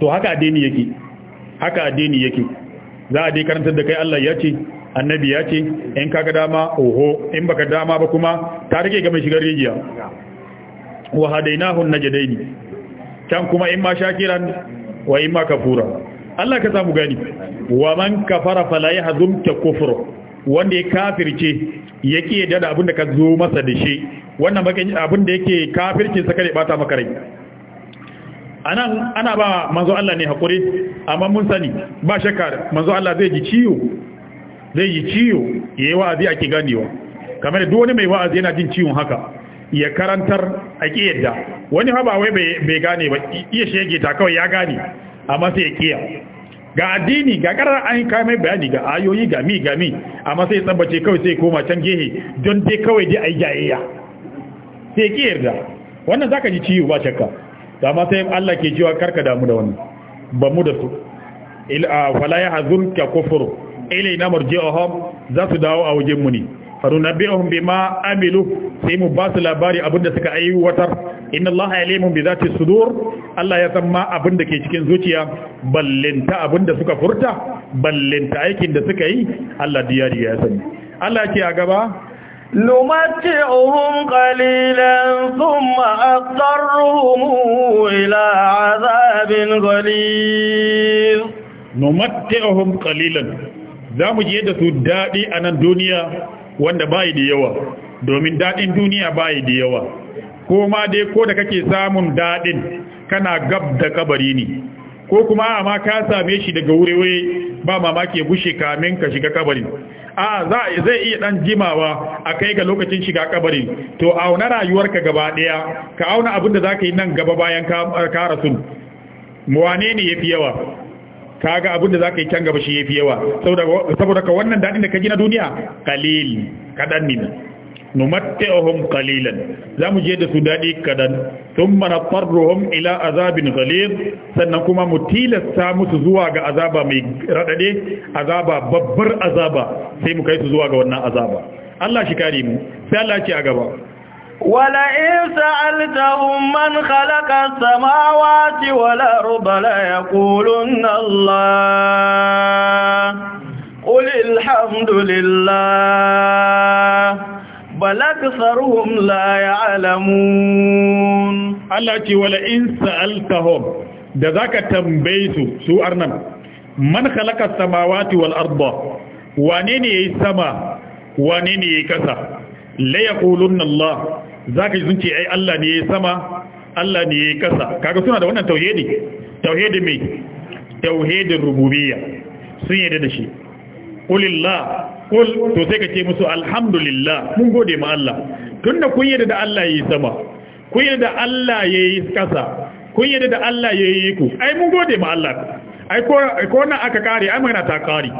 to haka addini yake haka addini yake za a dai karantar da kai Allah ya ce annabi ya ce in kaga dama oho in baka dama ba kuma ta rike ga mai shigar rijiya wa hadainahu najdaini can kuma ma shakiran wa in ma kafura Allah ka samu gani wa man kafara fala yahzumka kufru wanda ya kafirce yake yadda da abin da ka zo masa da shi wannan bakin abin da yake kafircin sa kare bata maka rai anan ana ba manzo Allah ne hakuri amma mun sani ba shakka manzo Allah zai ji ciwo zai ji ciwo yayi wa'azi ake ganewa kamar duk wani mai wa'azi yana jin ciwon haka ya karantar a yadda wani haba wai bai gane ba iya shege ta kawai ya gane amma sai ya kiya ga addini ga karar an yi kamar bayani ga ayoyi ga mi ga mi amma sai ya tsabbace kawai sai koma can gehe don dai kawai dai a yi jayayya sai ki wannan wannan ka ji ciwo ba shakka amma sai Allah ke cewa karka damu da wani. ba mu da su il ah, wala yahzunka kufru ilayna marji'uhum za su dawo a wajen mu ne farunabbi'uhum ma amilu sai mu ba su labari abinda suka aiwatar inna allaha alimun bi zati sudur Allah ya san ma abinda ke cikin zuciya ballinta abinda suka furta ballinta aikin da suka yi Allah diya ya sani Allah a gaba نمتعهم قليلا ثم أضطرهم إلى عذاب غليظ نمتعهم قليلا za mu je da su daɗi a nan duniya wanda bayi da yawa domin daɗin duniya ba da yawa ko ma dai ko da kake samun daɗin kana gab da kabari ne ko kuma a ma ka same shi daga wurewe ba mamaki ya bushe kamin ka shiga kabari a za zai iya dan jimawa a kai ga lokacin shiga kabari to auna rayuwarka gaba daya ka auna abin da zaka yi nan gaba bayan ka rasu muwane ne yafi yawa kaga abin da zaka yi can gaba shi yafi yawa saboda saboda ka wannan dadin da ka gina duniya qalil kadan ne numatti'uhum qalilan zamu je da su dadi kadan thumma natarruhum ila azabin ghalid sannan kuma mu tilasta musu zuwa ga azaba mai radade azaba babbar azaba sai mu kai su zuwa ga wannan azaba Allah shi kare mu sai Allah ce a gaba ولئن سألتهم من خلق السماوات والأرض لا يقولن الله قل الحمد لله بل أكثرهم لا يعلمون الله ولئن سألتهم ذاك تنبيت سو أرنم من خلق السماوات والأرض وانيني السماء وانيني كسر la yaqulunna Allah zaka ji sun ce ai Allah ne yayi sama Allah ne yayi kasa kaga suna da wannan tauhidi tauhidi mai tauhidin rububiyya sun yarda da shi qulillah kul to sai ka ce musu alhamdulillah mun gode ma Allah tunda kun yarda da Allah yayi sama kun yarda da Allah yayi kasa kun yarda da Allah yayi ku ai mun gode ma Allah ai ko ko na aka kare ai magana ta kare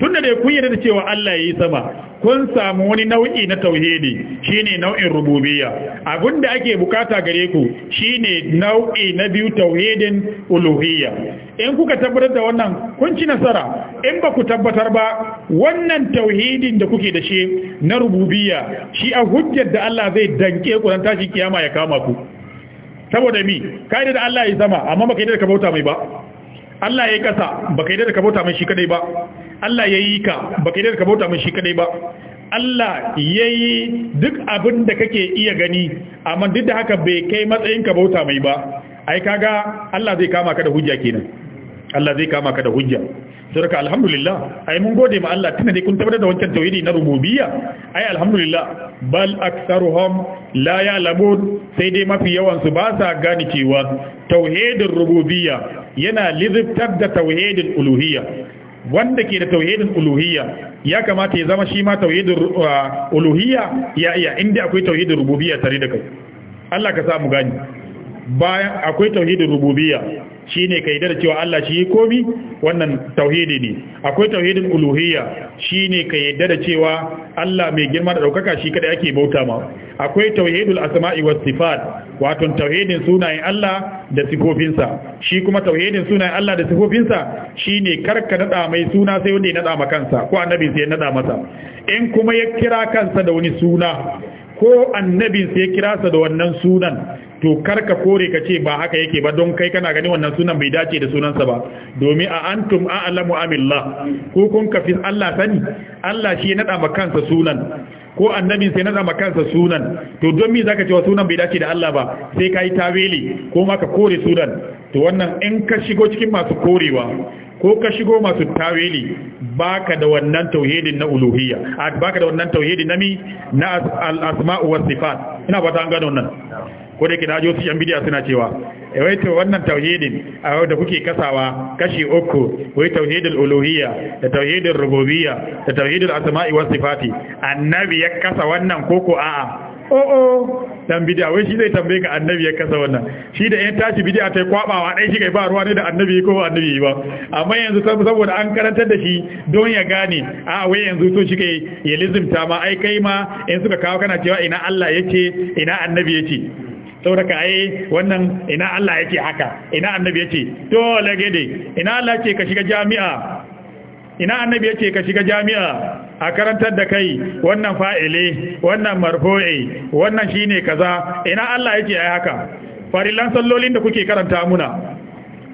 tunda da kun yarda da cewa Allah ya yi sama kun samu wani nau'i na tauhidi shine nau'in rububiyya abinda ake bukata gare ku shine nau'i na biyu tauhidin uluhiyya in kuka tabbatar da wannan kun ci nasara in ba ku tabbatar ba wannan tauhidin da kuke da shi na rububiyya shi a hujjar da Allah zai danke ku ran tashi kiyama ya kama ku saboda mi kai da Allah yayi sama amma baka yi da ka bauta mai ba Allah yi kasa baka yi da ka bauta mai shi kadai ba Allah ya yi ka ba ka ka bauta mai shi kadai ba Allah ya yi duk abin da kake iya gani amma duk da haka bai kai matsayin ka bauta mai ba ai kaga Allah zai kama ka da hujja kenan Allah zai kama ka da hujja saboda alhamdulillah ai mun gode ma Allah tunda dai kun tabbatar da wancan tauhidi na rububiyya ai alhamdulillah bal aktsaruhum la ya'lamun sai dai mafi yawan su ba sa gane cewa tauhidin rububiyya yana lizibtar da tauhidin uluhiyya wanda ke da tauhidin uluhiyya ya kamata ya zama shi ma tauhidin uh, uluhiyya ya iya inda akwai tauhidin rububiyya tare da kai Allah ka samu gani bayan akwai tauhidin rububiyya shine kai da cewa Allah shi komi wannan tauhidi ne akwai tauhidin uluhiyya shine kai da cewa Allah mai girma da daukaka shi kada yake bauta ma akwai tauhidul asma'i was sifat wato tauhidin sunayen Allah da sifofinsa shi kuma tauhidin sunayen Allah da sifofinsa shine karka nada mai suna sai wanda ya nada ma kansa ko annabi sai ya nada masa in kuma ya kira kansa da wani suna ko annabinsa ya kira sa da wannan sunan to karka kore ka ce ba haka yake ba don kai kana gani wannan sunan bai dace da sunansa ba domin a antum a'lamu amillah ko kun kafi Allah sani Allah shi ya nada ma kansa sunan ko annabi sai nada ma kansa sunan to don me zaka ce wa sunan bai dace da Allah ba sai kai tawili ko ma ka kore sunan to wannan in ka shigo cikin masu korewa ko ka shigo masu tawili baka da wannan tauhidin na uluhiyya baka da wannan tauhidin na mi na al was sifat ina ba ta an gano nan ko da ke dajo su yan bidiya suna cewa e wai to wannan tauhidin a da kuke kasawa kashi uku wai tauhidul uluhiyya da tauhidul rububiyya da tauhidul asma'i was sifati annabi ya kasa wannan koko a'a o oh, o oh, dan bidiya wai shi zai tambaye ka annabi ya kasa wannan shi da yan tashi bidiya tai kwabawa dai shi kai ba ruwa ne da annabi ko annabi ba amma yanzu saboda an karantar da shi don ya gane a wai yanzu to shi kai ya lizimta ma ai kai ma in suka kawo kana cewa ina Allah yake ina annabi yake sauraka ai wannan ina Allah yake haka ina annabi yake dole gede ina Allah yake ka shiga jami'a ina annabi yake ka shiga jami'a a karantar da kai wannan fa'ile wannan marfu'i wannan shine kaza ina Allah yake ai haka farilan sallolin da kuke karanta muna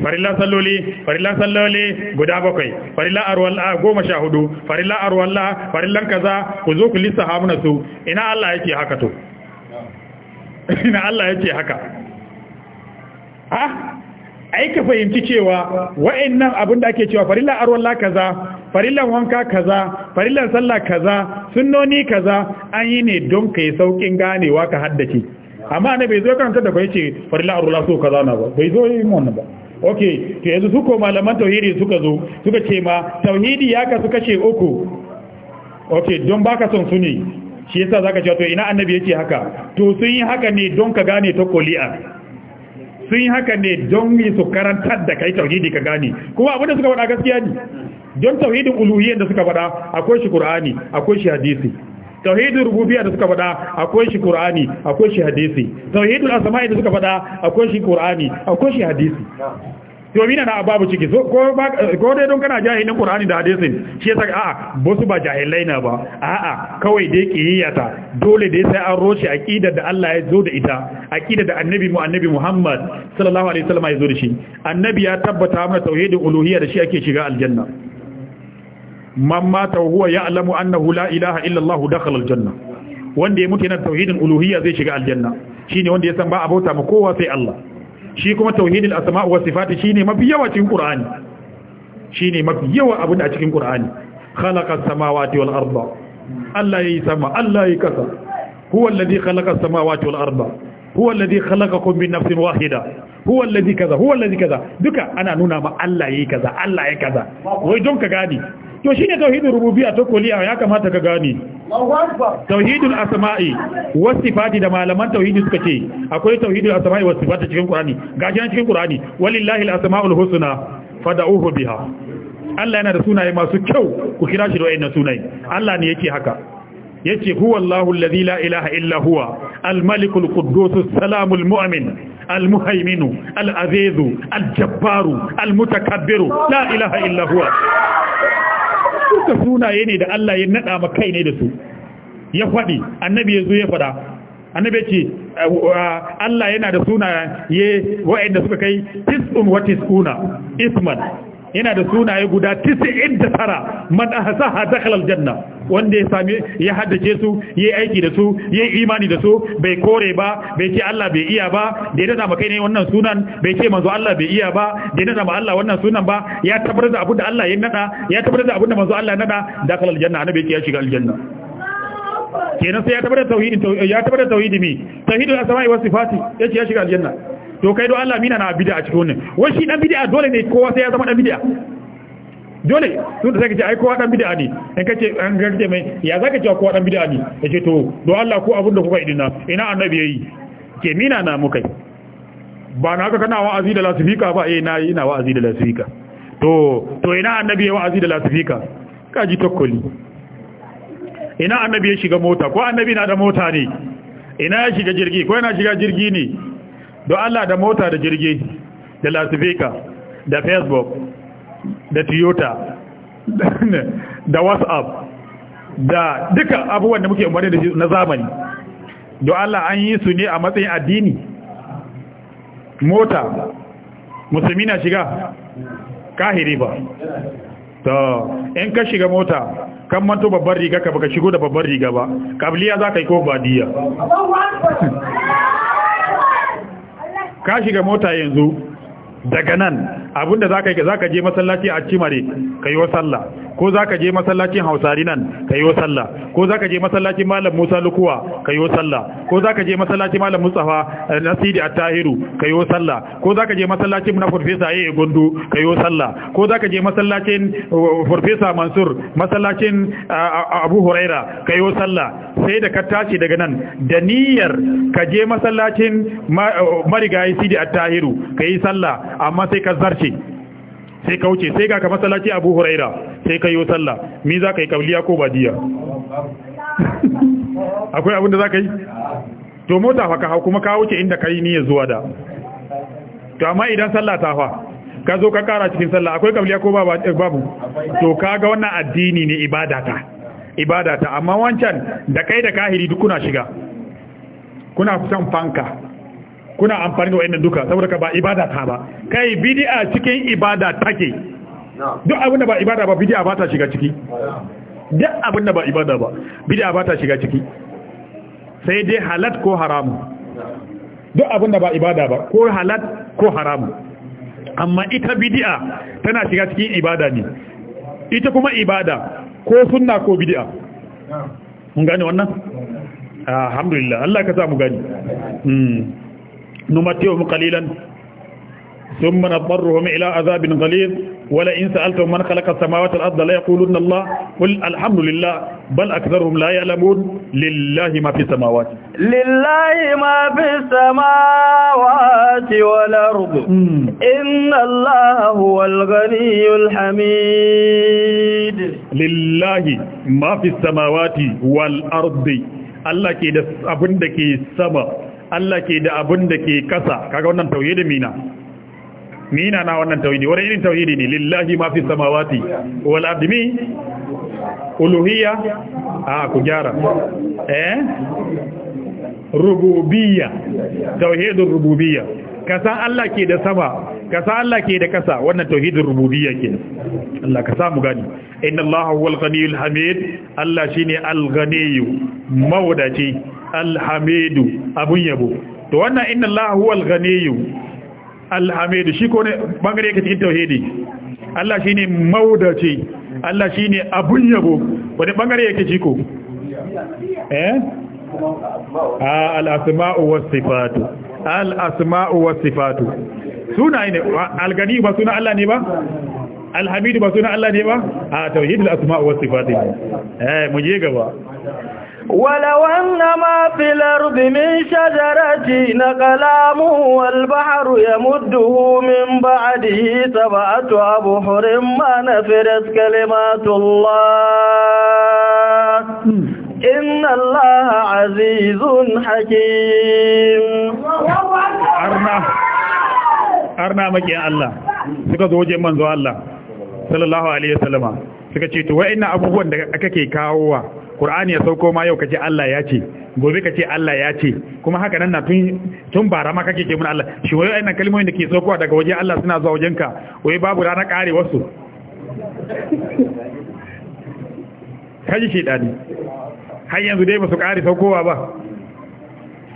farilla salloli farilla salloli guda bakwai farilla arwalla goma sha hudu farilla arwalla farillan kaza ku zo ku lissa hamuna su ina Allah yake haka to ina Allah ya ce haka ha ai ka fahimci cewa wa'annan abin da ake cewa farillan arwalla kaza farillan wanka kaza farillan sallah kaza sunnoni kaza an yi ne don kai saukin ganewa ka haddace amma ne bai zo ta da kai ce farillan arwalla so kaza na ba bai zo yin wannan ba Ok to yanzu su ko malaman tauhidi suka zo suka ce ma tauhidi ya kasu kashe uku ok don baka son su ne shi yasa zaka cewa to ina annabi yake haka to sun yi haka ne don ka gane ta sun yi haka ne don yi su karantar da kai tauhidi ka gane kuma abin da suka faɗa gaskiya ne don tauhidin uluhiyyar da suka faɗa akwai shi qur'ani akwai shi hadisi tauhidin rububiyya da suka faɗa akwai shi qur'ani akwai shi hadisi tauhidin asma'i da suka faɗa akwai shi qur'ani akwai shi hadisi domin na babu ciki ko dai don kana jahilin qur'ani da hadisin shi yasa saka a'a ba jahilai na ba a'a kawai dai ta. dole dai sai an roshi aqida da Allah ya zo da ita aqida da annabi mu annabi Muhammad sallallahu alaihi wasallam ya zo da shi annabi ya tabbata mana tauhidin uluhiyya da shi ake shiga aljanna man ta huwa ya'lamu annahu la ilaha illa Allah dakhala aljanna wanda ya mutu yana tauhidin uluhiyya zai shiga aljanna shine wanda ya san ba abota ma kowa sai Allah shi kuma tauhidul asma wa sifati shine mafi cikin qur'ani shine mafi yawa abin da a cikin qur'ani khalaqa samawati wal arda Allah yayi sama Allah yayi kasa huwa alladhi khalaqa samawati wal arda huwa alladhi khalaqakum min nafsin wahida huwa alladhi kaza huwa alladhi kaza duka ana nuna ma Allah yayi kaza Allah yayi kaza wai don ka gani to shine tauhidul rububiyya to koliya ya kamata ka gane tauhidul asma'i was da malaman tauhidi suka ce akwai tauhidul asma'i was cikin qur'ani gashi cikin qur'ani walillahi al-asma'ul husna fad'uhu biha Allah yana da sunaye masu kyau ku kira shi da wayannan sunaye Allah ne yake haka yace huwallahu alladhi la ilaha illa huwa al-malikul quddus salamul mu'min المهيمن al الجبار المتكبر لا إله إلا هو duka sunaye ne da Allah ya nada ma kai ne da su ya faɗi annabi ya zo ya faɗa annabi ce Allah yana da sunaye wa'anda suka kai tis'un wa tis'una isman yana da sunaye guda 99 man ahsaha dakhala aljanna wanda ya same ya haddace su yayi aiki da su yayi imani da su bai kore ba bai ce Allah bai iya ba da yana kai ne wannan sunan bai ce manzo Allah bai iya ba da yana zama Allah wannan sunan ba ya tabbata da abin da Allah ya nada ya tabbata da abin da manzo Allah ya nada dakhala aljanna annabi ya shiga aljanna kenan sai ya tabbata tauhidin ya tabbata tauhidi mi tauhidul asma'i was sifati yace ya shiga aljanna to kai don Allah mina na bid'a cikin wannan wai shi dan bid'a dole ne kowa sai ya zama dan bid'a dole tun da zaka ce ai kowa dan bid'a ne in kace an garde mai ya zaka ce kowa dan bid'a ne yace to don Allah ko abin da kuka yi dinna ina annabi yayi ke mina na muka ba na haka kana wa'azi da lasifika ba eh na yi ina wa'azi da lasifika to to ina annabi ya wa'azi da lasifika kaji tokkoli ina annabi ya shiga mota ko annabi na da mota ne ina ya shiga jirgi ko yana shiga jirgi ne don Allah da mota da jirgi da lasifika da facebook da toyota da whatsapp da duka abubuwan da muke umarni na zamani don Allah an yi su ne a matsayin addini mota musulmi na shiga kahiri ba to in ka shiga mota kan manto babbar riga ka baka shigo da babbar riga ba kabliya za ka yi ko badiya ka shiga mota yanzu daga nan abinda za ka yi za ka je masallaci a cimare ka yi wa sallah ko za ka je masallacin hausari nan ka yi wa sallah ko za ka je masallacin malam musa lukuwa ka yi wa sallah ko za ka je masallacin malam mustafa eh, nasidi attahiru ka yi wa sallah ko za ka je masallacin na farfesa yaya gondo ka yi wa sallah ko za ka je masallacin farfesa eh, mansur masallacin eh, abu huraira ka yi wa sallah sai da ka tashi daga nan da niyyar ka je masallacin marigayi sidi attahiru ka yi sallah amma sai ka zarce sai ka wuce sai ga ka masallaci Abu Huraira sai ka yi sallah me za ka yi kabliya ko badiya akwai abinda za ka yi to mota fa ka hau kuma ka wuce inda ka yi niyyar zuwa da to amma idan sallah ta fa ka zo ka kara cikin sallah akwai kabliya ko babu to kaga wannan addini ne ibadata ibadata amma wancan da kai da kahiri duk kuna shiga kuna kusan fanka kuna amfani da wa'annan duka saboda ka ba ibada ta ba kai bid'a cikin ibada take duk abin da ba ibada ba bid'a ba ta shiga ciki duk abin da ba ibada ba bid'a ba ta shiga ciki sai dai halat ko haramu duk abin da ba ibada ba ko halat ko haramu amma ita bid'a tana shiga cikin ibada ne ita kuma ibada ko sunna ko bid'a mun gane wannan alhamdulillah Allah ka sa mu gani mm نمتعهم قليلا ثم نضطرهم إلى عذاب غليظ ولئن سألتهم من خلق السماوات والأرض لا يقولون الله قل الحمد لله بل أكثرهم لا يعلمون لله ما في السماوات لله ما في السماوات والأرض مم. إن الله هو الغني الحميد لله ما في السماوات والأرض الله كده أبندك السماوات Allah ke da abin da ke kasa kaga wannan tauhidin mina mina na wannan tauhidi wani irin tauhidi ne lillahi ma fi samawati wal ardi mi uluhiyya a ku gyara eh rububiyya tauhidur rububiyya Kasa Allah ke da sama kasa Allah ke da kasa wannan tauhidin rububiyya ke Allah ka samu gani inna Allah huwal ghaniyul hamid Allah shine al-ghaniyu mawdaci alhamidu abun yabo to wannan inna Allah huwal ganiyyu alhamidu shi ko ne bangare yake cikin tauhidi Allah shine maudaci Allah shine abun yabo wani bangare yake ciko eh al-asma'u was-sifatu al-asma'u was-sifatu suna ne al-gani ba suna Allah ne ba Alhamidu ba suna Allah ne ba a tauhidul asma'u was-sifatu eh mu je gaba ولو أن ما في الأرض من شجرة نقلام والبحر يمده من بعده سبعة أبحر ما نفرت كلمات الله إن الله عزيز حكيم أرنا أرنا مكي الله سكت وجه منذ الله sallallahu alaihi wasallama suka ce to wa'annan abubuwan da kake kawowa Qur'ani ya sauko ma yau kace Allah ya ce gobe kace Allah ya ce kuma haka nan na tun tun bara ma kake ke mun Allah shi wai ainihin kalmomin da ke saukowa daga waje Allah suna zuwa wajenka wai babu rana kare wasu kaji shedani har yanzu dai ba su kare saukowa ba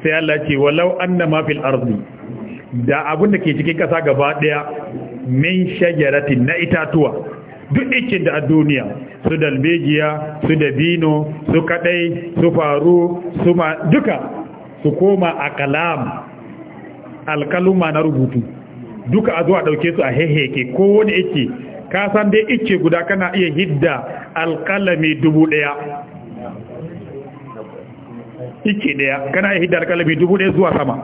sai Allah ce walau annama fil ardi da abun da ke cikin kasa gaba daya min shajaratin na itatuwa duk ikin da a duniya su dalbejiya su dabino su kadai su faru su ma duka su koma a kalam alkaluma na rubutu duka a zuwa dauke su a heheke ko wani ike ka san dai ike guda kana iya hidda alkalami dubu daya ike daya kana iya hidda alkalami dubu daya zuwa sama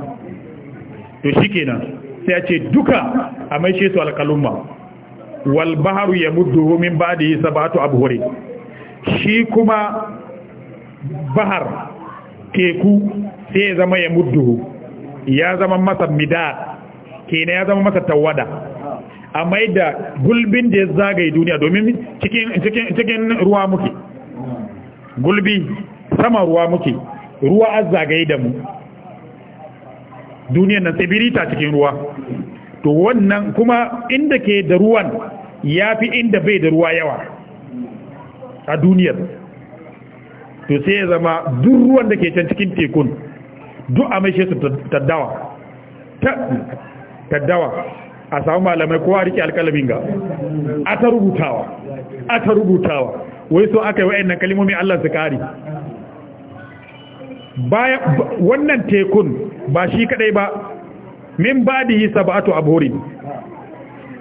to shikenan sai a ce duka a shi su alkaluma wal baharu yamudduhu min ba'dihi sab'atu abhur shi kuma bahar teku sai ya zama yamudduhu ya zama masa midar. kenan ya zama masa tawada a mai da gulbin da ya zagaye duniya domin cikin ruwa muke gulbi sama ruwa muke ruwa an da mu duniyan nan tsibiri cikin ruwa to wannan kuma inda ke da ruwan ya fi inda bai da ruwa yawa a duniyar to sai ya zama duk ruwan da ke can cikin tekun duk a mai shesu taddawa taddawa a samu malamai kowa rike alkalamin ga a ta rubutawa a ta rubutawa wai so aka yi wa'annan kalimomi Allah su kari wannan tekun ba shi kadai ba min badihi sab'atu abhurin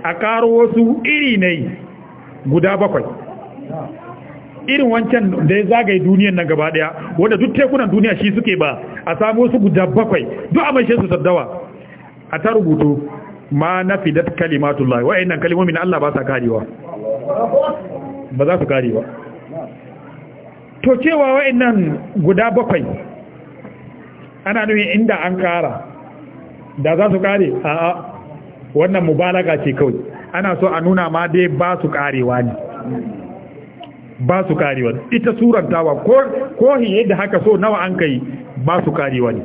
a karo wasu iri ne guda bakwai irin wancan da ya zagaye duniyan nan gaba daya wanda duk tekunan duniya shi suke ba a samu su guda bakwai duk amma maishe su saddawa a ta rubutu ma nafidat kalimatullahi wa'annan kalimomin Allah ba sa karewa ba za su karewa to cewa nan guda bakwai ana nuhi inda an kara da za su kare a'a wannan mubalaga ce kawai ana so a nuna ma dai ba su karewa ne ba su karewa ita surantawa ko ko yadda haka so nawa an kai ba su karewa ne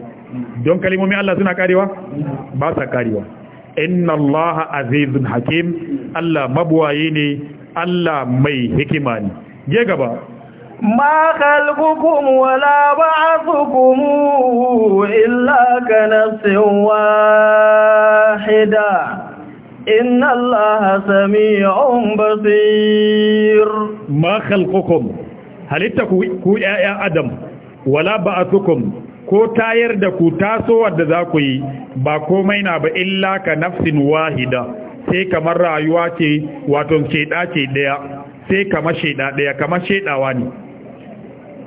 don kalimomi Allah suna karewa ba su karewa inna Allah azizun hakim Allah mabuwaye ne Allah mai hikima ne je gaba ma khalqukum wala ba'athukum illa ka nafsin wahida inna allaha sami'un basir ma khalqukum halittaku ku yaya adam wala ba'athukum ko tayar da ku tasowa da za ku yi ba komai na ba illa ka nafsin wahida sai kamar rayuwa ce wato ce ɗaya sai kamar sheɗa ɗaya kamar sheɗawa ne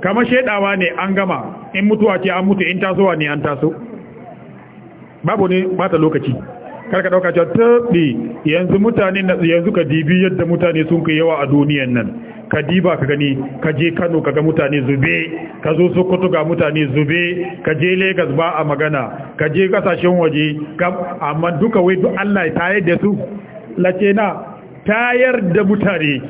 kama shaidawa ne an gama in mutuwa ce an mutu in tasowa ne an taso babu ne bata lokaci karka dauka cewa bi yanzu mutane yanzu ka dibi yadda mutane sun kai yawa a duniyan nan ka diba ka gani ka je Kano ka ga mutane zube ka zo Sokoto ga mutane zube ka je Lagos ba a magana ka je kasashen waje amma duka wai duk Allah ya tayar da su lace na tayar da mutane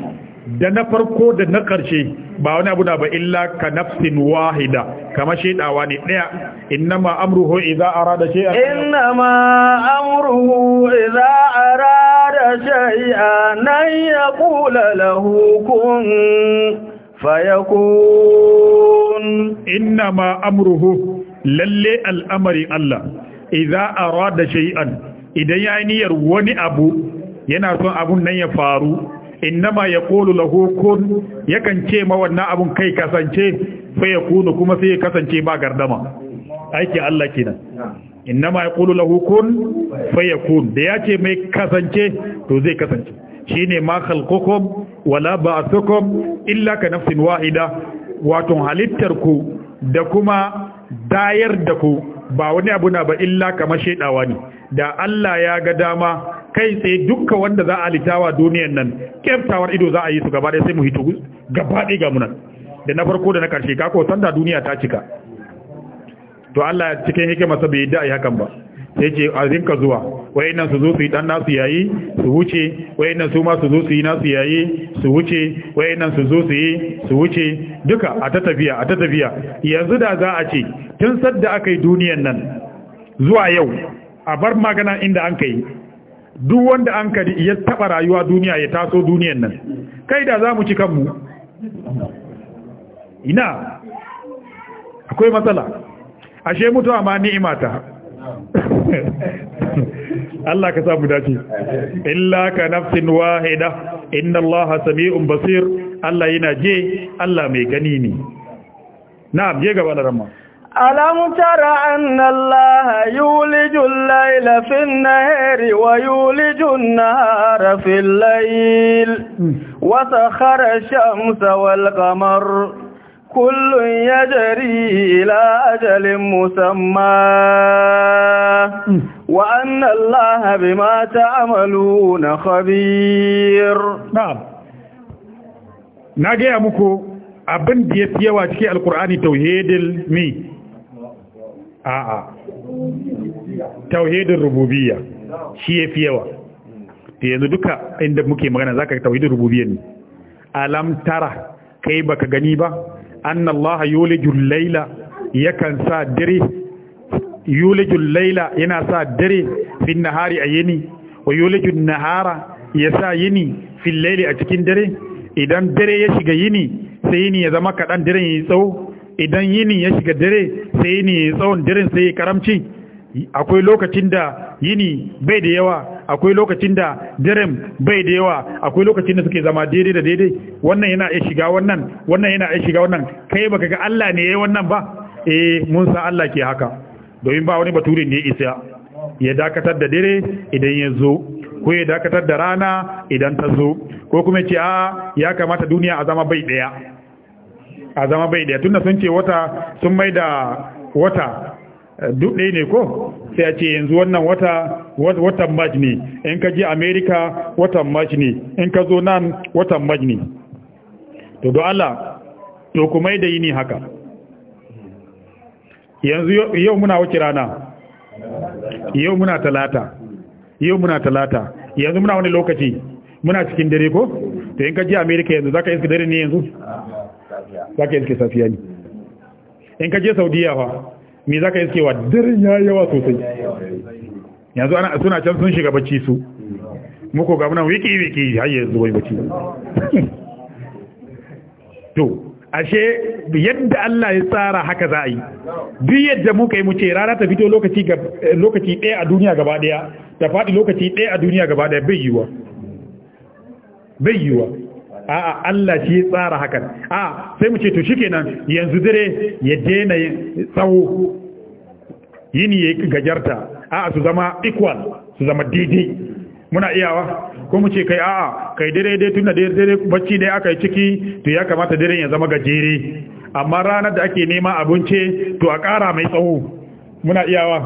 da na farko da na ƙarshe ba wani abu da ba illa ka nafsin wahida kama shaidawa ne ɗaya ma amruhu idza arada shay'an ma amruhu idza arada shay'an an yaqula lahu kun fayakun ma amruhu lalle al'amari Allah idza arada shay'an idan ya niyyar wani abu yana son abun nan ya faru Inna innama yaqulu lahu kun yakan ce ma wannan abun kai kasance fa kunu kuma sai kasance ba gardama aiki Allah kenan innama yaqulu lahu kun fa kun da yace mai kasance to zai kasance shine ma khalqukum wala ba'thukum illa ka nafsin wahida wato halittar ku da kuma dayar da ku ba wani abu na ba illa kamar shedawa ne da Allah ya ga dama kai sai dukka wanda za a litawa duniyan nan kyaftawar ido za a yi su gaba ɗaya sai mu hito gaba ɗaya ga munan da na farko da na ƙarshe ka ko sanda duniya ta cika to Allah ya cikin masa bai yadda a yi hakan ba sai ce a zinka zuwa nan su zo su yi dan nasu yayi su wuce nan su ma su zo su yi nasu yayi su wuce nan su zo su yi su wuce duka a ta tafiya a ta tafiya yanzu da za a ce tun sadda aka yi duniyan nan zuwa yau a bar magana inda an kai duk wanda an kadi ya taba rayuwa duniya ya taso duniyan nan kai da za mu ci kanmu ina akwai matsala ashe mutu ma ni'ima ta Allah ka samu dace illa ka nafsin wahida inna Allah sami'un basir Allah yana je Allah mai gani ne na'am je gaba da ramma ألم تر أن الله يولج الليل في النهار ويولج النهار في الليل وسخر الشمس والقمر كل يجري إلى أجل مسمى وأن الله بما تعملون خبير نعم نجي أبوكو أبن da ya fi yawa cikin alkur'ani a'a tauhidin rububiyya shi ya fi yawa da yanzu duka inda muke magana zaka ka tauhidin rububiyya ne alam tara kai baka gani ba annallaha yulijul laila yakan sa dare yulijul laila yana sa dare fil nahari a wa yulijul nahara ya sa yini fil laili a cikin dare idan dare ya shiga yini sai yini ya zama kaɗan dare ya yi tsawo idan yini ya shiga dare sai yini tsawon daren sai ya karamci akwai lokacin da yini bai da yawa akwai lokacin da daren bai da yawa akwai lokacin da suke zama daidai da daidai wannan yana iya shiga wannan wannan yana iya shiga wannan kai baka ga Allah ne yayi wannan ba eh mun san Allah ke haka domin ba wani bature ne ya isa ya dakatar da dare idan ya zo ko ya dakatar da rana idan ta zo ko kuma ce a ya kamata duniya a zama bai daya a zama bai daya tunda sun ce wata sun mai da wata eh, duk ɗaya ne ko sai a ce yanzu wannan wata watan majini, in ka je america watan majini, in ka zo nan watan majini. to do Allah to kuma da yini haka yanzu yau muna wace rana yau muna talata yau muna talata yanzu muna wani lokaci muna cikin dare ko to in ka je america yanzu zaka iska dare ne yanzu za ka iske safiya ne in ka je saudiya fa me za ka iske wa dare ya yawa sosai yanzu ana suna can sun shiga bacci su muku ga muna wiki wiki har yanzu bai bacci to ashe yadda Allah ya tsara haka za a yi duk yadda muka yi muce rana ta fito lokaci lokaci ɗaya a duniya gaba ɗaya ta faɗi lokaci ɗaya a duniya gaba ɗaya bai yiwa bai yiwa a'a Allah shi ya tsara hakan a sai mu ce to shikenan yanzu dare ya daina tsawo yini ya gajarta a'a su zama equal su zama daidai muna iyawa ko mu ce kai a'a kai dare dai tunda dare dare bacci dai aka yi ciki to ya kamata dare ya zama gajere amma ranar da ake nema abinci to a kara mai tsawo muna iyawa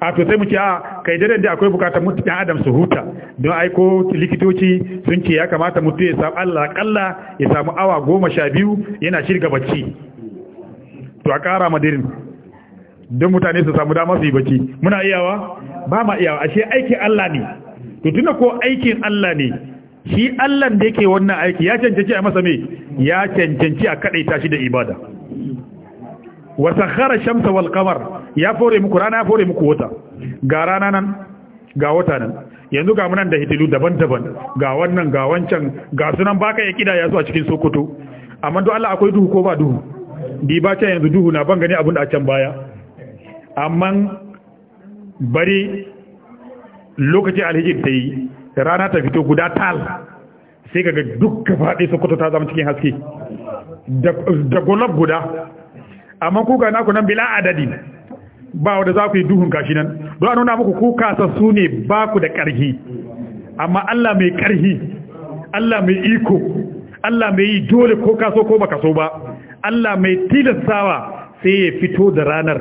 a to sai mu a kai da da akwai bukatar mutu ɗan adam su huta don aiko likitoci sun ce ya kamata mutu ya samu Allah kalla ya samu awa goma sha biyu yana shirga bacci to a ƙara madirin don mutane su samu dama su yi bacci muna iyawa ba ma iyawa ashe aikin Allah ne to tuna ko aikin Allah ne shi Allah da yake wannan aiki ya cancanci a masa me ya cancanci a kaɗaita shi da ibada wa sakhara shamsa wal qamar ya fore muku rana ya fore muku wata ga rana nan ga wata nan yanzu ga munan da hitilu daban-daban ga wannan ga wancan ga sunan baka ya kidaya su a cikin sokoto amma don Allah akwai duhu ko ba duhu di ba ta yanzu duhu na ban gani abin da a can baya amma bari lokacin alhijir ta yi rana ta fito guda tal sai kaga duk gaba ɗaya sokoto ta zama cikin haske da golab guda amma kuka na ku nan bila adadin ba wanda za ku yi duhun kashi nan don a nuna muku kuka su ne ba ku da ƙarhi amma Allah mai ƙarhi Allah mai iko Allah mai yi dole ko kaso ko baka so ba Allah mai tilastawa sai ya fito da ranar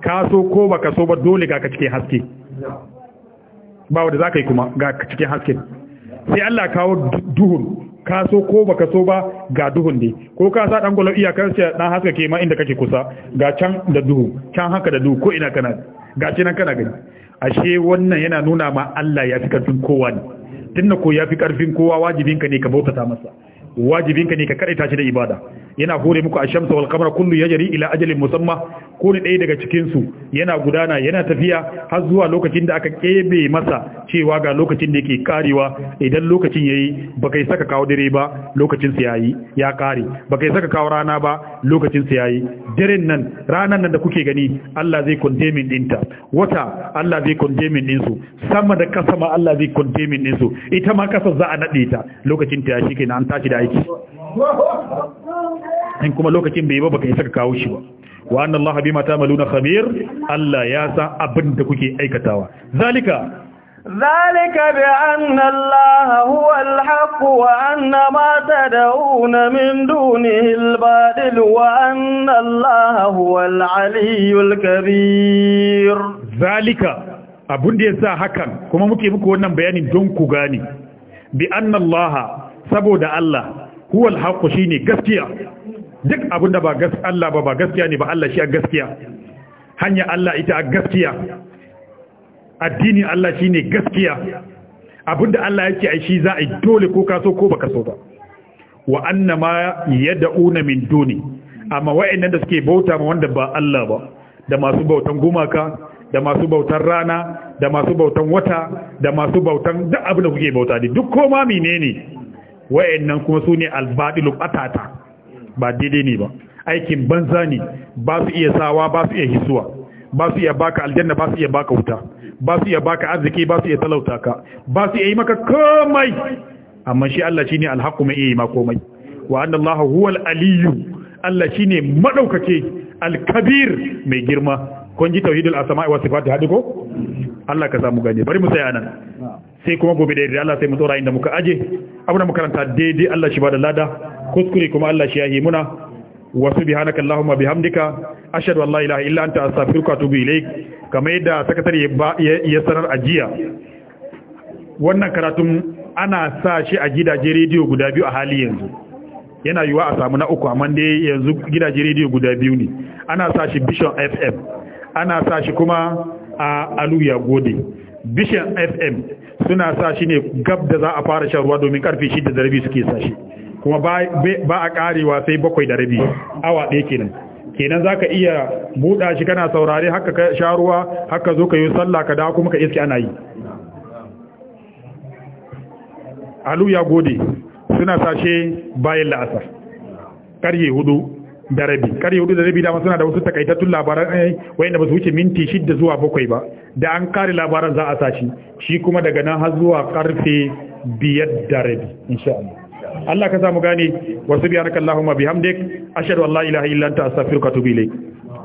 kaso ko baka so ba dole ga ka cikin haske ba wanda za ka yi kuma ga cikin haske sai Allah kawo duhun ka so ko baka so ba ga duhun ne ko ka sa dan gulo iyakar sai dan haska ke ma inda kake kusa ga can da duhu can haka da duhu ko ina kana ga nan kana gani ashe wannan yana nuna ma Allah ya fi karfin kowa ne tunda ko ya fi karfin kowa wajibinka ne ka bautata masa wajibinka ne ka karaita shi da ibada yana hore muku shamsa wal qamara kullu yajri ila ajalin musamma ko ne ɗaya daga cikin su yana gudana yana tafiya har zuwa lokacin da aka kebe masa cewa ga lokacin da yake karewa idan lokacin yayi baka kai saka kawo dare ba lokacin sa yayi ya kare baka kai saka kawo rana ba lokacin sa yayi daren nan ranan nan da kuke gani Allah zai condemn dinta wata Allah zai condemn din su sama da kasa ma Allah zai condemn din su ita ma kasa za a nade ta lokacin ta ya shi kenan an tashi da aiki in kuma lokacin bai ba baka isa ka kawo shi ba wa anna allaha bima ta'maluna khabir allah ya san abin da kuke aikatawa zalika ذلك بأن الله هو الحق وأن ما تدعون من دونه wa وأن الله هو العلي kabir. Zalika abun da yasa hakan kuma muke muku wannan bayanin don ku gane bi anna saboda Allah huwal haqqu shine gaskiya duk abinda ba gas Allah ba ba gaskiya ne ba Allah shi a gaskiya hanya Allah ita a gaskiya addini Allah shine gaskiya abinda Allah yake a shi za a dole ko ka so ko baka so ba wa annama yad'una min duni amma wayannan da suke bauta ma wanda ba Allah ba da masu bautan gumaka da masu bautan rana da masu bautan wata da masu bautan duk abin da kuke bauta duk koma menene nan kuma su ne albadilu ba daidai ne ba aikin banza ne ba su iya sawa ba su iya hisuwa ba su iya baka aljanna ba su iya baka wuta ba su iya baka arziki ba su iya talauta ka ba su iya yi maka komai amma shi Allah shine alhaqu mai iya ma komai wa anna Allah huwal Aliyu Allah shine madaukake alkabir mai girma kun ji tauhidul asma'i wa sifati hadi ko Allah ka samu gane bari mu saya nan sai kuma gobe da Allah sai mu tsora inda muka aje abuna makaranta daidai Allah shi bada lada kuskure kuma Allah shi yahi muna wa subhanaka allahumma bihamdika ashhadu an la ilaha illa anta astaghfiruka wa atubu ilaik kamar yadda sakatare ya sanar ajiya wannan karatun ana sa shi a gidaje radio guda biyu a hali yanzu yana yiwa a samu na uku amma dai yanzu gidaje radio guda biyu ne ana sa shi bishon fm ana sa shi kuma a aluya gode bishiyar fm suna sa shi ne gab da za a fara shan ruwa domin karfe shida da rabi suke sa kuma ba a karewa sai bakwai da rabi awa ɗaya kenan kenan za ka iya buɗa shi kana saurare haka ka sha ruwa haka zo ka yi sallah ka dawo kuma ka iske ana yi aluya gode suna sashe bayan la'asar ƙarye hudu da rabi kare hudu da rabi dama suna da wasu takaitattun labaran eh, wayanda ba su wuce minti shidda zuwa bakwai ba da an kare labaran za a sashi shi kuma daga nan har zuwa karfe biyar da rabi insha Allah Allah ka samu gane wasu biyanaka Allahumma bihamdik ashhadu an la ilaha illa anta astaghfiruka wa atubu ilaik